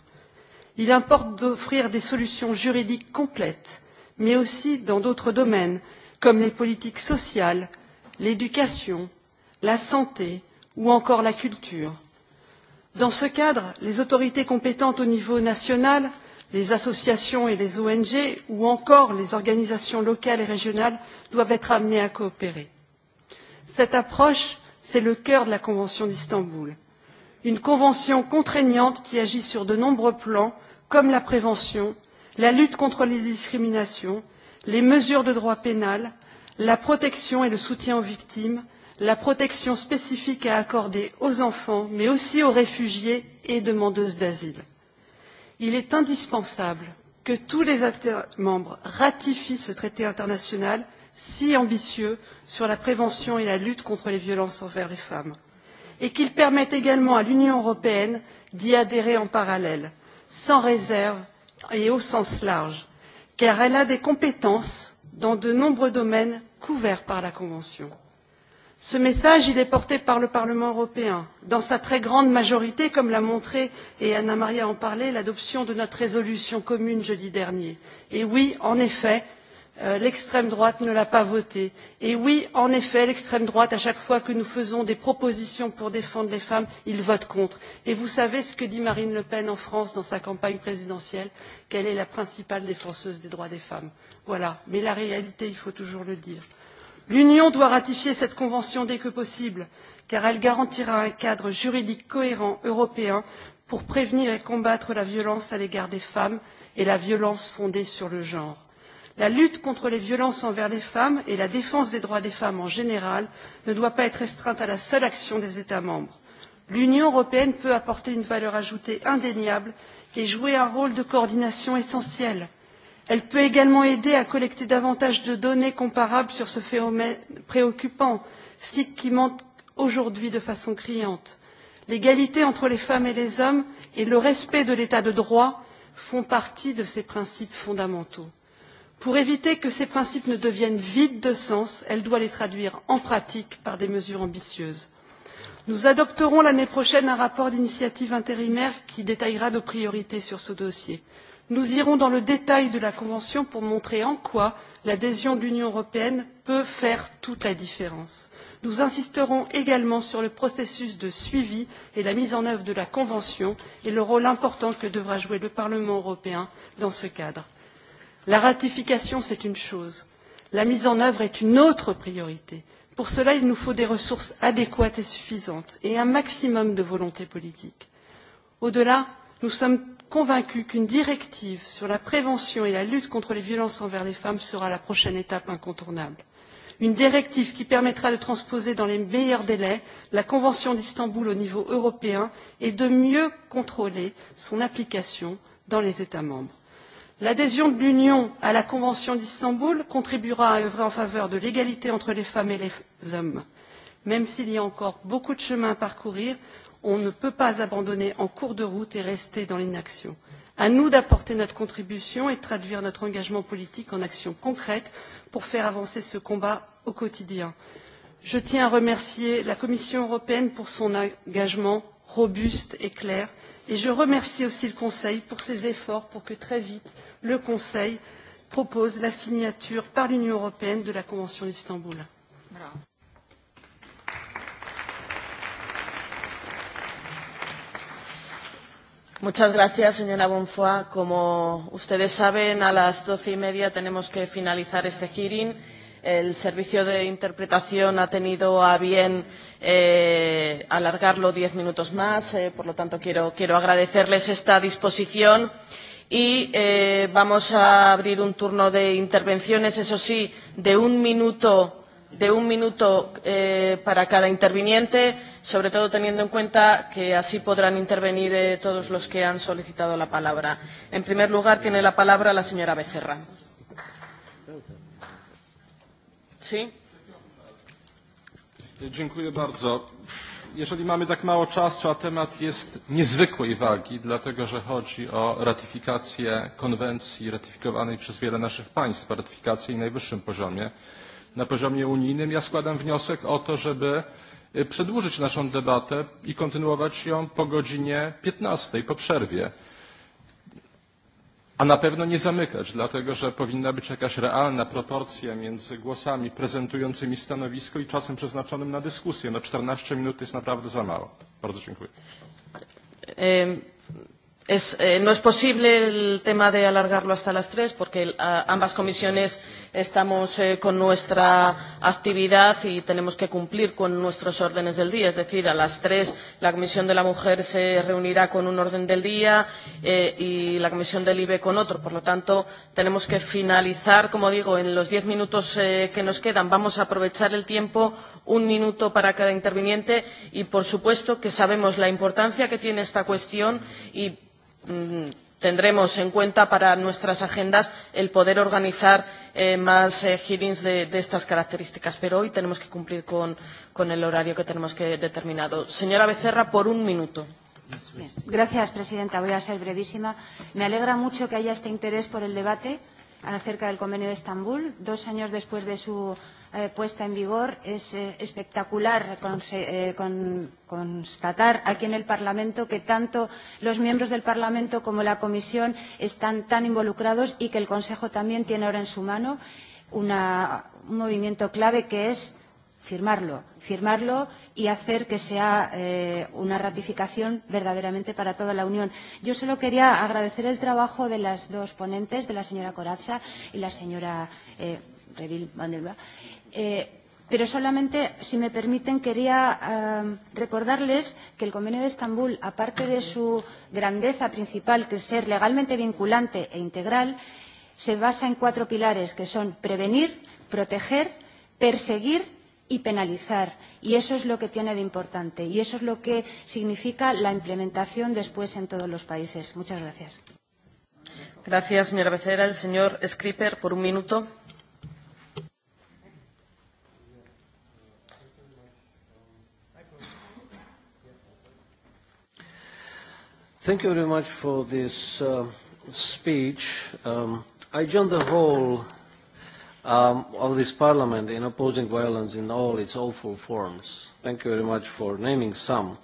Il importe d'offrir des solutions juridiques complètes, mais aussi dans d'autres domaines, comme les politiques sociales, l'éducation, la santé ou encore la culture. Dans ce cadre, les autorités compétentes au niveau national, les associations et les ONG ou encore les organisations locales et régionales doivent être amenées à coopérer. Cette approche, c'est le cœur de la Convention d'Istanbul, une convention contraignante qui agit sur de nombreux plans comme la prévention, la lutte contre les discriminations, les mesures de droit pénal, la protection et le soutien aux victimes, la protection spécifique à accorder aux enfants, mais aussi aux réfugiés et demandeuses d'asile. Il est indispensable que tous les États membres ratifient ce traité international si ambitieux sur la prévention et la lutte contre les violences envers les femmes, et qu'il permette également à l'Union européenne d'y adhérer en parallèle, sans réserve et au sens large car elle a des compétences dans de nombreux domaines couverts par la Convention. Ce message, il est porté par le Parlement européen, dans sa très grande majorité, comme l'a montré, et Anna-Maria en parlait, l'adoption de notre résolution commune jeudi dernier. Et oui, en effet, Euh, l'extrême droite ne l'a pas voté. Et oui, en effet, l'extrême droite, à chaque fois que nous faisons des propositions pour défendre les femmes, il vote contre. Et vous savez ce que dit Marine Le Pen en France dans sa campagne présidentielle, qu'elle est la principale défenseuse des droits des femmes. Voilà. Mais la réalité, il faut toujours le dire. L'Union doit ratifier cette convention dès que possible, car elle garantira un cadre juridique cohérent européen pour prévenir et combattre la violence à l'égard des femmes et la violence fondée sur le genre. La lutte contre les violences envers les femmes et la défense des droits des femmes en général ne doit pas être restreinte à la seule action des États membres. L'Union européenne peut apporter une valeur ajoutée indéniable et jouer un rôle de coordination essentiel. Elle peut également aider à collecter davantage de données comparables sur ce phénomène préoccupant, cycle qui manque aujourd'hui de façon criante. L'égalité entre les femmes et les hommes et le respect de l'état de droit font partie de ces principes fondamentaux. Pour éviter que ces principes ne deviennent vides de sens, elle doit les traduire en pratique par des mesures ambitieuses. Nous adopterons l'année prochaine un rapport d'initiative intérimaire qui détaillera nos priorités sur ce dossier. Nous irons dans le détail de la Convention pour montrer en quoi l'adhésion de l'Union européenne peut faire toute la différence. Nous insisterons également sur le processus de suivi et la mise en œuvre de la Convention et le rôle important que devra jouer le Parlement européen dans ce cadre. La ratification, c'est une chose. La mise en œuvre est une autre priorité. Pour cela, il nous faut des ressources adéquates et suffisantes et un maximum de volonté politique. Au-delà, nous sommes convaincus qu'une directive sur la prévention et la lutte contre les violences envers les femmes sera la prochaine étape incontournable. Une directive qui permettra de transposer dans les meilleurs délais la Convention d'Istanbul au niveau européen et de mieux contrôler son application dans les États membres. L'adhésion de l'Union à la Convention d'Istanbul contribuera à œuvrer en faveur de l'égalité entre les femmes et les hommes. Même s'il y a encore beaucoup de chemin à parcourir, on ne peut pas abandonner en cours de route et rester dans l'inaction. À nous d'apporter notre contribution et de traduire notre engagement politique en actions concrètes pour faire avancer ce combat au quotidien. Je tiens à remercier la Commission européenne pour son engagement robuste et clair Et je remercie aussi le Conseil pour ses efforts pour que très vite le Conseil propose la signature par l'Union européenne de la Convention d'Istanbul. Muchas gracias, señora Bonfoy. Como ustedes saben, a las doce y media tenemos que finalizar este hearing. El servicio de interpretación ha tenido a bien eh, alargarlo diez minutos más, eh, por lo tanto quiero, quiero agradecerles esta disposición y eh, vamos a abrir un turno de intervenciones, eso sí, de un minuto de un minuto eh, para cada interviniente, sobre todo teniendo en cuenta que así podrán intervenir eh, todos los que han solicitado la palabra. En primer lugar, tiene la palabra la señora Becerra. Sì? Dziękuję bardzo. Jeżeli mamy tak mało czasu, a temat jest niezwykłej wagi, dlatego że chodzi o ratyfikację konwencji ratyfikowanej przez wiele naszych państw, ratyfikację na najwyższym poziomie, na poziomie unijnym, ja składam wniosek o to, żeby przedłużyć naszą debatę i kontynuować ją po godzinie 15 po przerwie a na pewno nie zamykać, dlatego że powinna być jakaś realna proporcja między głosami prezentującymi stanowisko i czasem przeznaczonym na dyskusję. No 14 minut jest naprawdę za mało. Bardzo dziękuję. Um, Es, eh, no es posible el tema de alargarlo hasta las tres porque el, eh, a, ambas comisiones estamos eh, con nuestra actividad y tenemos que cumplir con nuestros órdenes del día. Es decir, a las tres la Comisión de la Mujer se reunirá con un orden del día eh, y la Comisión del IBE con otro. Por lo tanto, tenemos que finalizar, como digo, en los diez minutos eh, que nos quedan. Vamos a aprovechar el tiempo, un minuto para cada interviniente y, por supuesto, que sabemos la importancia que tiene esta cuestión y tendremos en cuenta para nuestras agendas el poder organizar eh, más eh, hearings de, de estas características, pero hoy tenemos que cumplir con, con el horario que tenemos que determinado. Señora Becerra, por un minuto. Bien. Gracias, presidenta. Voy a ser brevísima. Me alegra mucho que haya este interés por el debate acerca del convenio de Estambul, dos años después de su eh, puesta en vigor. Es eh, espectacular con, eh, con, constatar aquí en el Parlamento que tanto los miembros del Parlamento como la Comisión están tan involucrados y que el Consejo también tiene ahora en su mano una, un movimiento clave que es firmarlo, firmarlo y hacer que sea eh, una ratificación verdaderamente para toda la Unión. Yo solo quería agradecer el trabajo de las dos ponentes, de la señora Corazza y la señora eh, Reville Mandelba, Eh, pero solamente, si me permiten, quería eh, recordarles que el Convenio de Estambul, aparte de su grandeza principal, que es ser legalmente vinculante e integral, se basa en cuatro pilares, que son prevenir, proteger, perseguir y penalizar. Y eso es lo que tiene de importante. Y eso es lo que significa la implementación después en todos los países. Muchas gracias. Gracias, señora Becerra. El señor Skriper, por un minuto. Thank you very much for this uh, speech. Um, I join the whole um, of this parliament in opposing violence in all its awful forms. Thank you very much for naming some.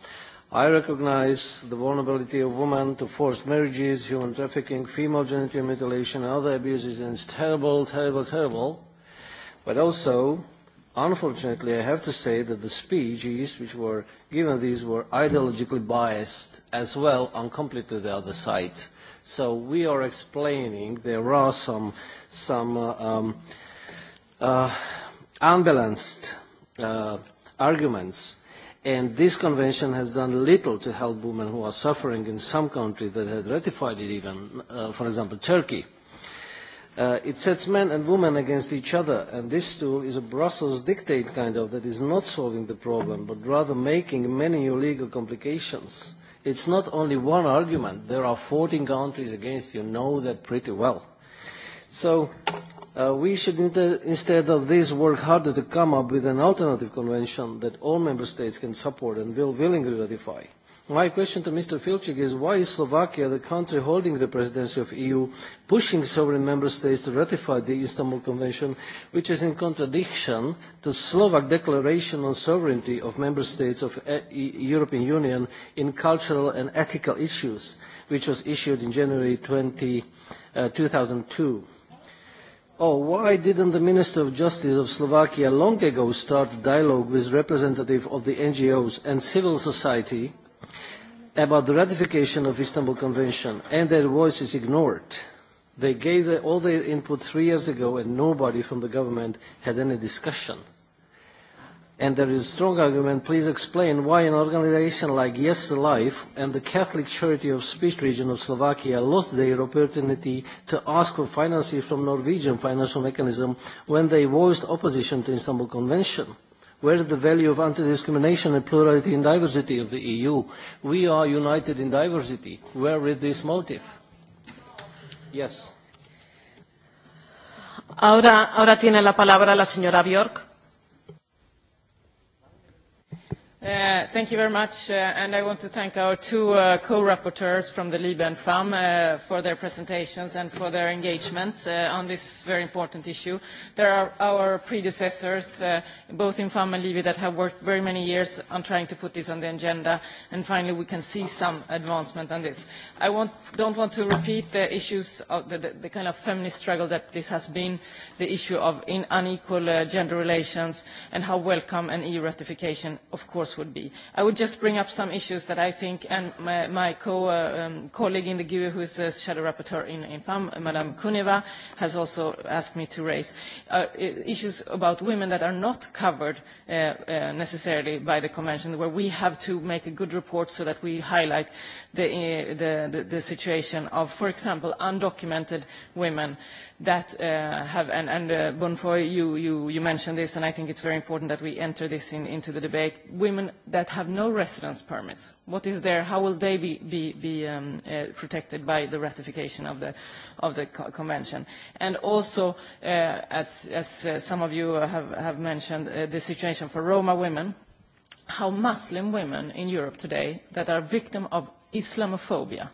I recognize the vulnerability of women to forced marriages, human trafficking, female genital mutilation, and other abuses, and it's terrible, terrible, terrible. But also, Unfortunately, I have to say that the speeches which were given these were ideologically biased as well on completely the other side. So we are explaining there are some, some uh, um, uh, unbalanced uh, arguments. And this convention has done little to help women who are suffering in some country that had ratified it even, uh, for example, Turkey. Uh, it sets men and women against each other, and this tool is a Brussels dictate kind of that is not solving the problem, but rather making many new legal complications. It's not only one argument. There are 14 countries against you. Know that pretty well. So uh, we should, instead of this, work harder to come up with an alternative convention that all member states can support and will willingly ratify. My question to Mr. Filcik is why is Slovakia, the country holding the presidency of EU, pushing sovereign member states to ratify the Istanbul Convention, which is in contradiction to Slovak declaration on sovereignty of member states of e, e- European Union in cultural and ethical issues, which was issued in January 20, uh, 2002. Oh, why didn't the Minister of Justice of Slovakia long ago start dialogue with representatives of the NGOs and civil society about the ratification of Istanbul Convention and their voice is ignored. They gave the, all their input three years ago and nobody from the government had any discussion. And there is a strong argument, please explain why an organization like Yes Life and the Catholic Charity of Speech Region of Slovakia lost their opportunity to ask for financing from Norwegian financial mechanism when they voiced opposition to Istanbul Convention where is the value of anti-discrimination and plurality and diversity of the EU. We are united in diversity. Where is this motive? Yes. Ahora, ahora tiene la palabra la señora Bjork. Uh, thank you very much, uh, and I want to thank our two uh, co-rapporteurs from the Liban FAM uh, for their presentations and for their engagement uh, on this very important issue. There are our predecessors, uh, both in FAM and Libya, that have worked very many years on trying to put this on the agenda, and finally we can see some advancement on this. I want, don't want to repeat the issues of the, the, the kind of feminist struggle that this has been, the issue of in unequal uh, gender relations, and how welcome an EU ratification, of course, course, would be. I would just bring up some issues that I think, and my, my co, uh, um, colleague in the GUE, who is the shadow rapporteur in, in FAM, Madame Kuneva, has also asked me to raise. Uh, issues about women that are not covered uh, uh, necessarily by the Convention, where we have to make a good report so that we highlight the, uh, the, the, the situation of, for example, undocumented women that uh, have, and, and uh, Bonfoy, you, you, you mentioned this, and I think it's very important that we enter this in, into the debate. Women women that have no residence permits? What is there? How will they be, be, be um, uh, protected by the ratification of the, of the co convention? And also, uh, as, as uh, some of you uh, have, have mentioned, uh, the situation for Roma women, how Muslim women in Europe today that are victim of Islamophobia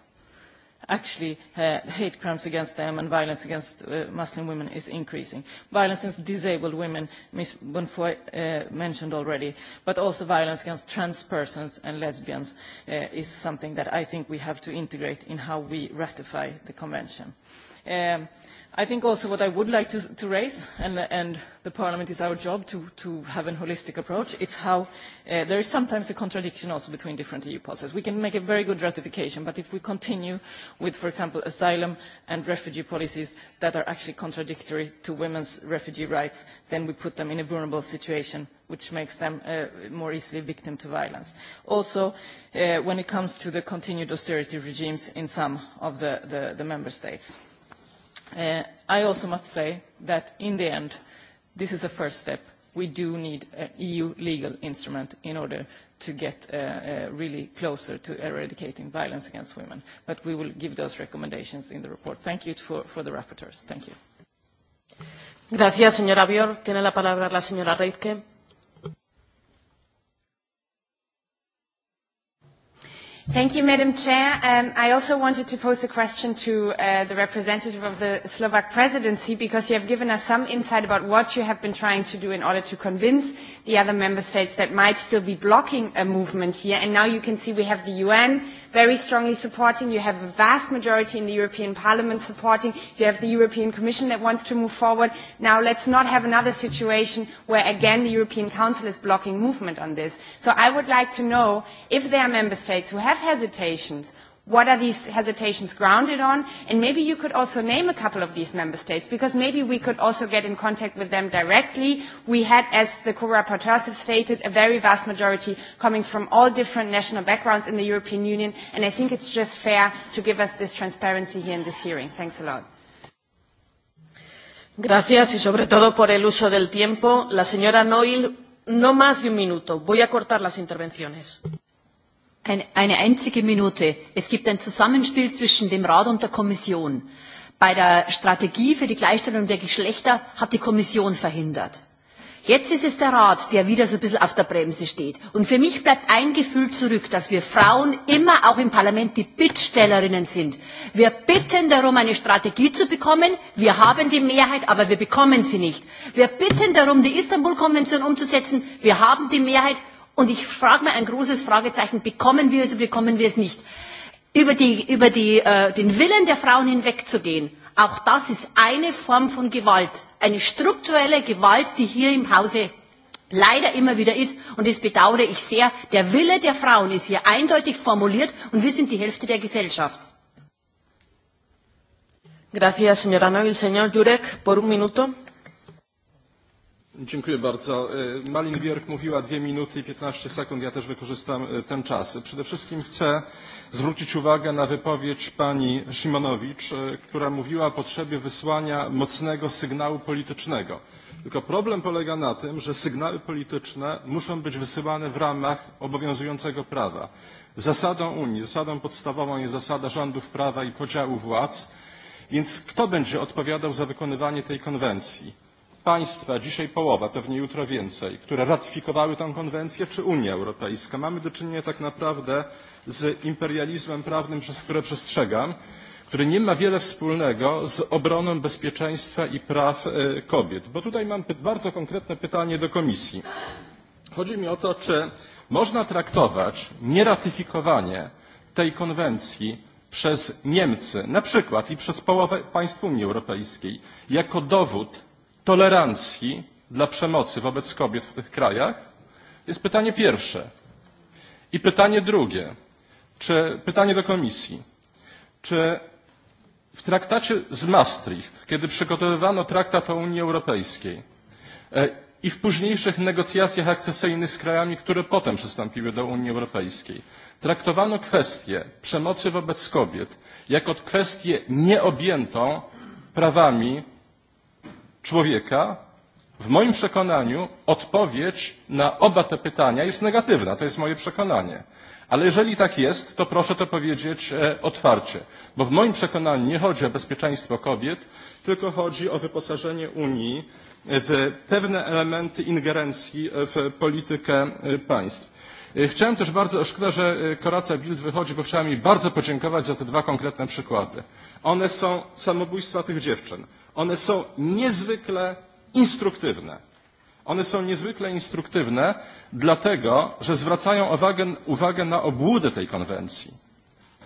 actually uh, hate crimes against them and violence against uh, Muslim women is increasing. Violence against disabled women, Ms. Bonfoy uh, mentioned already, but also violence against trans persons and lesbians uh, is something that I think we have to integrate in how we ratify the convention. Um, I think also what I would like to, to raise, and, and the Parliament is our job to, to have a holistic approach, it's how uh, there is sometimes a contradiction also between different EU policies. We can make a very good ratification, but if we continue with, for example, asylum and refugee policies that are actually contradictory to women's refugee rights, then we put them in a vulnerable situation which makes them uh, more easily victim to violence. Also, uh, when it comes to the continued austerity regimes in some of the, the, the member states. Uh, I also must say that in the end, this is a first step. We do need an EU legal instrument in order to get uh, uh, really closer to eradicating violence against women. But we will give those recommendations in the report. Thank you for, for the rapporteurs. Thank you. Gracias, señora Bior. Tiene la palabra la señora Reitke. Thank you, Madam Chair. Um, I also wanted to pose a question to uh, the representative of the Slovak presidency because you have given us some insight about what you have been trying to do in order to convince the other member states that might still be blocking a movement here. And now you can see we have the UN, very strongly supporting, you have a vast majority in the European Parliament supporting, you have the European Commission that wants to move forward. Now let's not have another situation where again the European Council is blocking movement on this. So I would like to know if there are member states who have hesitations What are these hesitations grounded on? And maybe you could also name a couple of these member states, because maybe we could also get in contact with them directly. We had, as the co-rapporteurs have stated, a very vast majority coming from all different national backgrounds in the European Union, and I think it's just fair to give us this transparency here in this hearing. Thanks a lot. Gracias y sobre todo por el uso del tiempo. La señora Noil, no más de un minuto. Voy a cortar las intervenciones. Eine, eine einzige Minute. Es gibt ein Zusammenspiel zwischen dem Rat und der Kommission. Bei der Strategie für die Gleichstellung der Geschlechter hat die Kommission verhindert. Jetzt ist es der Rat, der wieder so ein bisschen auf der Bremse steht. Und für mich bleibt ein Gefühl zurück, dass wir Frauen immer auch im Parlament die Bittstellerinnen sind. Wir bitten darum, eine Strategie zu bekommen. Wir haben die Mehrheit, aber wir bekommen sie nicht. Wir bitten darum, die Istanbul-Konvention umzusetzen. Wir haben die Mehrheit, Und ich frage mir ein großes Fragezeichen, bekommen wir es oder bekommen wir es nicht? Über, die, über die, äh, den Willen der Frauen hinwegzugehen, auch das ist eine Form von Gewalt, eine strukturelle Gewalt, die hier im Hause leider immer wieder ist, und das bedauere ich sehr, der Wille der Frauen ist hier eindeutig formuliert, und wir sind die Hälfte der Gesellschaft. Gracias, señora Nagel. Señor Jurek, por un minuto. Dziękuję bardzo. E, Malin Bierk mówiła 2 minuty i 15 sekund, ja też wykorzystam e, ten czas. Przede wszystkim chcę zwrócić uwagę na wypowiedź pani Szymonowicz, e, która mówiła o potrzebie wysłania mocnego sygnału politycznego. Tylko problem polega na tym, że sygnały polityczne muszą być wysyłane w ramach obowiązującego prawa. Zasadą Unii, zasadą podstawową jest zasada rządów prawa i podziału władz, więc kto będzie odpowiadał za wykonywanie tej konwencji? państwa, dzisiaj połowa, pewnie jutro więcej, które ratyfikowały tę konwencję, czy Unia Europejska. Mamy do czynienia tak naprawdę z imperializmem prawnym, przez które przestrzegam, który nie ma wiele wspólnego z obroną bezpieczeństwa i praw e, kobiet. Bo tutaj mam bardzo konkretne pytanie do Komisji. Chodzi mi o to, czy można traktować nieratyfikowanie tej konwencji przez Niemcy, na przykład i przez połowę państw Unii Europejskiej, jako dowód tolerancji dla przemocy wobec kobiet w tych krajach jest pytanie pierwsze. I pytanie drugie, czy pytanie do komisji. Czy w traktacie z Maastricht, kiedy przygotowywano traktat o Unii Europejskiej e, i w późniejszych negocjacjach akcesyjnych z krajami, które potem przystąpiły do Unii Europejskiej, traktowano kwestię przemocy wobec kobiet jako kwestię nieobjętą prawami człowieka, w moim przekonaniu odpowiedź na oba te pytania jest negatywna. To jest moje przekonanie. Ale jeżeli tak jest, to proszę to powiedzieć e, otwarcie. Bo w moim przekonaniu nie chodzi o bezpieczeństwo kobiet, tylko chodzi o wyposażenie Unii w pewne elementy ingerencji w politykę e, państw. E, chciałem też bardzo, szkoda, że Koraca Bild wychodzi, bo chciałem jej bardzo podziękować za te dwa konkretne przykłady. One są samobójstwa tych dziewczyn one są niezwykle instruktywne. One są niezwykle instruktywne, dlatego że zwracają uwagę, uwagę na obłudę tej konwencji.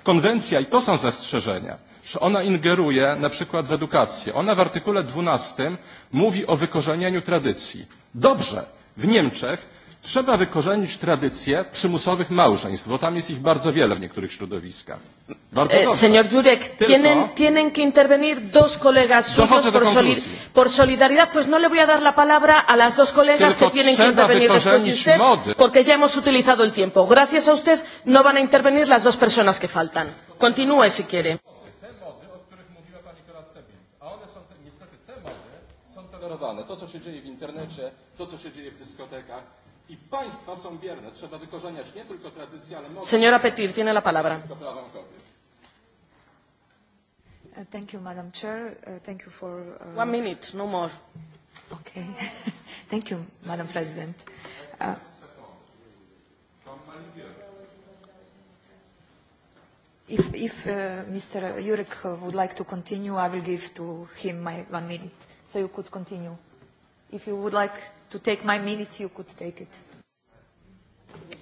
Konwencja, i to są zastrzeżenia, że ona ingeruje na przykład w edukację. Ona w artykule 12 mówi o wykorzenieniu tradycji. Dobrze, w Niemczech trzeba wykorzenić tradycję przymusowych małżeństw, bo tam jest ich bardzo wiele w niektórych środowiskach. Bardzo eh, dobrze. Señor Jurek, Tylko... tienen, tienen que intervenir dos colegas suyos por, soli por solidaridad, pues no le voy a dar la palabra a las dos colegas Tylko que tienen que intervenir después de usted, mody. porque ya hemos utilizado el tiempo. Gracias a usted no van a intervenir las dos personas que faltan. Continúe si quiere. To, co się dzieje w internecie, to, co się dzieje w dyskotekach, Signora Petir, tiene la palabra. Uh, thank you, Madam Chair. Uh, thank you for... Uh... One minute, no more. Okay. thank you, Madam President. Uh, If, if uh, Mr. Jurek would like to continue, I will give to him my one minute, so you could continue. If you would like to take my minute, you could take it.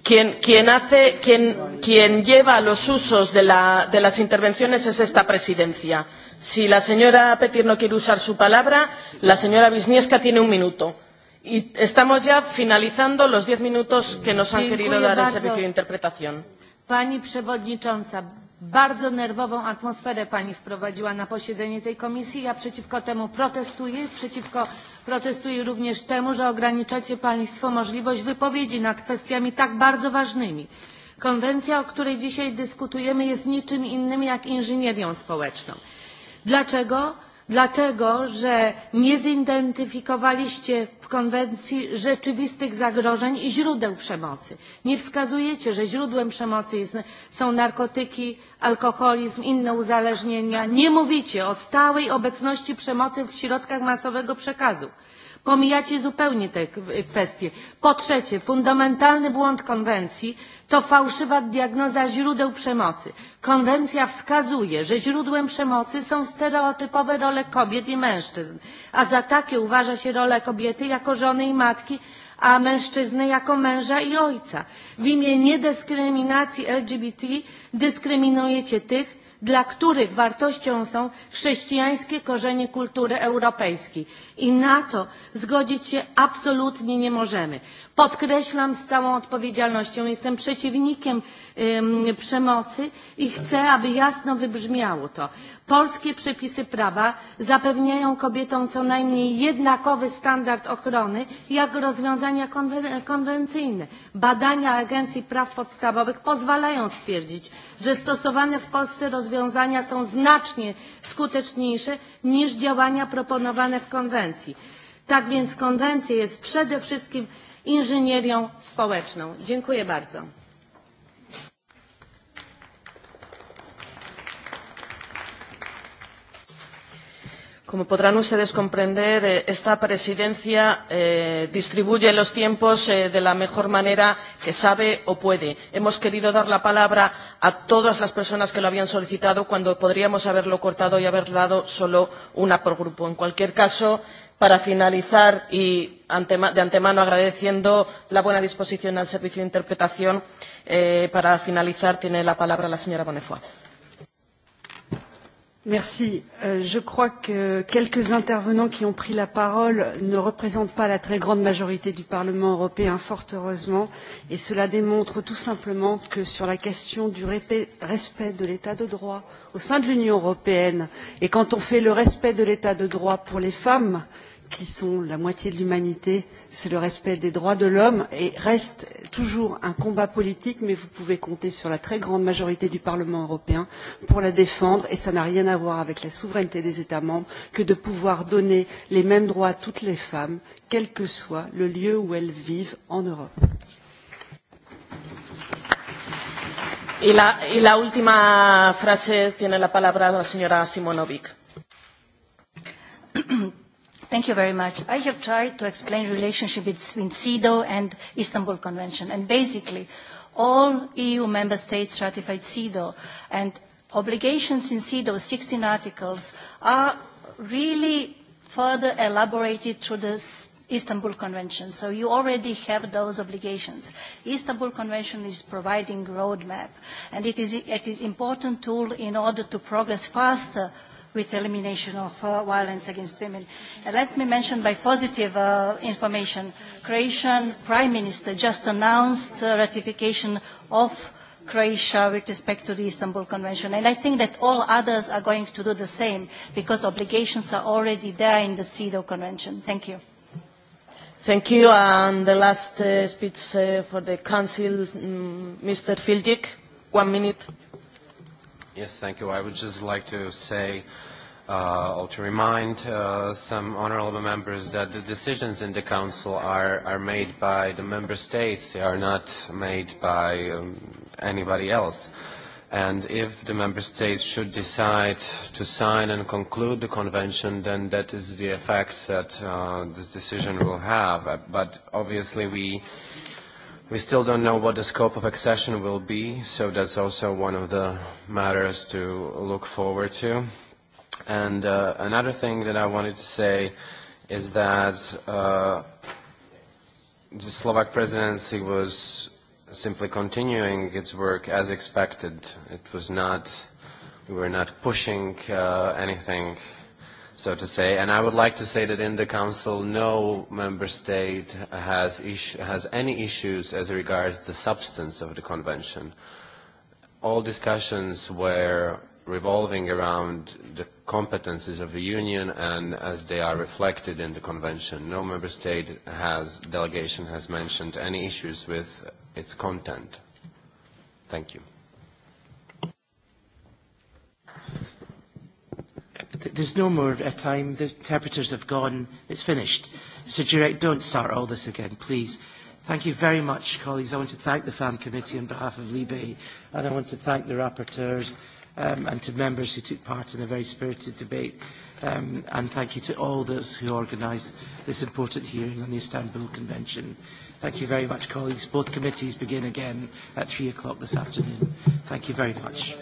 Quien, quien, hace, quien, quien lleva los usos de, la, de las intervenciones es esta presidencia. Si la señora Petir no quiere usar su palabra, la señora Wisniewska tiene un minuto. Y estamos ya finalizando los diez minutos que nos han querido dar el servicio de interpretación. Pani Przewodnicząca, Bardzo nerwową atmosferę Pani wprowadziła na posiedzenie tej komisji. Ja przeciwko temu protestuję. Przeciwko protestuję również temu, że ograniczacie Państwo możliwość wypowiedzi nad kwestiami tak bardzo ważnymi. Konwencja, o której dzisiaj dyskutujemy, jest niczym innym jak inżynierią społeczną. Dlaczego? dlatego że nie zidentyfikowaliście w konwencji rzeczywistych zagrożeń i źródeł przemocy. Nie wskazujecie, że źródłem przemocy są narkotyki, alkoholizm, inne uzależnienia. Nie mówicie o stałej obecności przemocy w środkach masowego przekazu. Pomijacie zupełnie te kwestie. Po trzecie, fundamentalny błąd konwencji to fałszywa diagnoza źródeł przemocy. Konwencja wskazuje, że źródłem przemocy są stereotypowe role kobiet i mężczyzn, a za takie uważa się rolę kobiety jako żony i matki, a mężczyzny jako męża i ojca. W imię niedyskryminacji LGBT dyskryminujecie tych, dla których wartością są chrześcijańskie korzenie kultury europejskiej. I na to zgodzić się absolutnie nie możemy. Podkreślam z całą odpowiedzialnością, jestem przeciwnikiem ym, przemocy i chcę, aby jasno wybrzmiało to. Polskie przepisy prawa zapewniają kobietom co najmniej jednakowy standard ochrony jak rozwiązania konwen konwencyjne. Badania Agencji Praw Podstawowych pozwalają stwierdzić, że stosowane w Polsce rozwiązania są znacznie skuteczniejsze niż działania proponowane w konwencji. Tak więc konwencja jest przede wszystkim inżynierią społeczną. Dziękuję bardzo. Como podrán ustedes comprender, eh, esta presidencia eh, distribuye los tiempos eh, de la mejor manera que sabe o puede. Hemos querido dar la palabra a todas las personas que lo habían solicitado cuando podríamos haberlo cortado y haber dado solo una por grupo. En cualquier caso, para finalizar y de antemano agradeciendo la buena disposición al servicio de interpretación, eh, para finalizar tiene la palabra la señora Bonefoy. Merci. Euh, je crois que quelques intervenants qui ont pris la parole ne représentent pas la très grande majorité du Parlement européen, fort heureusement, et cela démontre tout simplement que sur la question du respect de l'état de droit au sein de l'Union européenne, et quand on fait le respect de l'état de droit pour les femmes, qui sont la moitié de l'humanité, c'est le respect des droits de l'homme et reste toujours un combat politique, mais vous pouvez compter sur la très grande majorité du Parlement européen pour la défendre et ça n'a rien à voir avec la souveraineté des États membres que de pouvoir donner les mêmes droits à toutes les femmes, quel que soit le lieu où elles vivent en Europe. Y la, y la última frase tiene la palabra la señora Simonovic. Thank you very much. I have tried to explain the relationship between CEDAW and Istanbul Convention. And basically, all EU member states ratified CEDAW. And obligations in CEDAW, 16 articles, are really further elaborated through the Istanbul Convention. So you already have those obligations. Istanbul Convention is providing roadmap, and it is, it is important tool in order to progress faster with elimination of uh, violence against women. And let me mention by positive uh, information, Croatian Prime Minister just announced uh, ratification of Croatia with respect to the Istanbul Convention. And I think that all others are going to do the same because obligations are already there in the CEDAW Convention. Thank you. Thank you. And the last uh, speech uh, for the Council, um, mm, Mr. Fildik, one minute. Yes, thank you. I would just like to say uh, or to remind uh, some honorable members that the decisions in the Council are, are made by the member states. They are not made by um, anybody else. And if the member states should decide to sign and conclude the convention, then that is the effect that uh, this decision will have. Uh, but obviously we We still don't know what the scope of accession will be, so that's also one of the matters to look forward to. And uh, another thing that I wanted to say is that uh, the Slovak presidency was simply continuing its work as expected. It was not, we were not pushing uh, anything so to say. And I would like to say that in the Council, no member state has, is has any issues as regards the substance of the Convention. All discussions were revolving around the competences of the Union and as they are reflected in the Convention. No member state has, delegation has mentioned any issues with its content. Thank you. there's no more uh, time. The interpreters have gone. It's finished. So, Jurek, don't start all this again, please. Thank you very much, colleagues. I want to thank the FAM Committee on behalf of Libe, and I want to thank the rapporteurs um, and to members who took part in a very spirited debate. Um, and thank you to all those who organised this important hearing on the Istanbul Convention. Thank you very much, colleagues. Both committees begin again at 3 o'clock this afternoon. Thank you very much.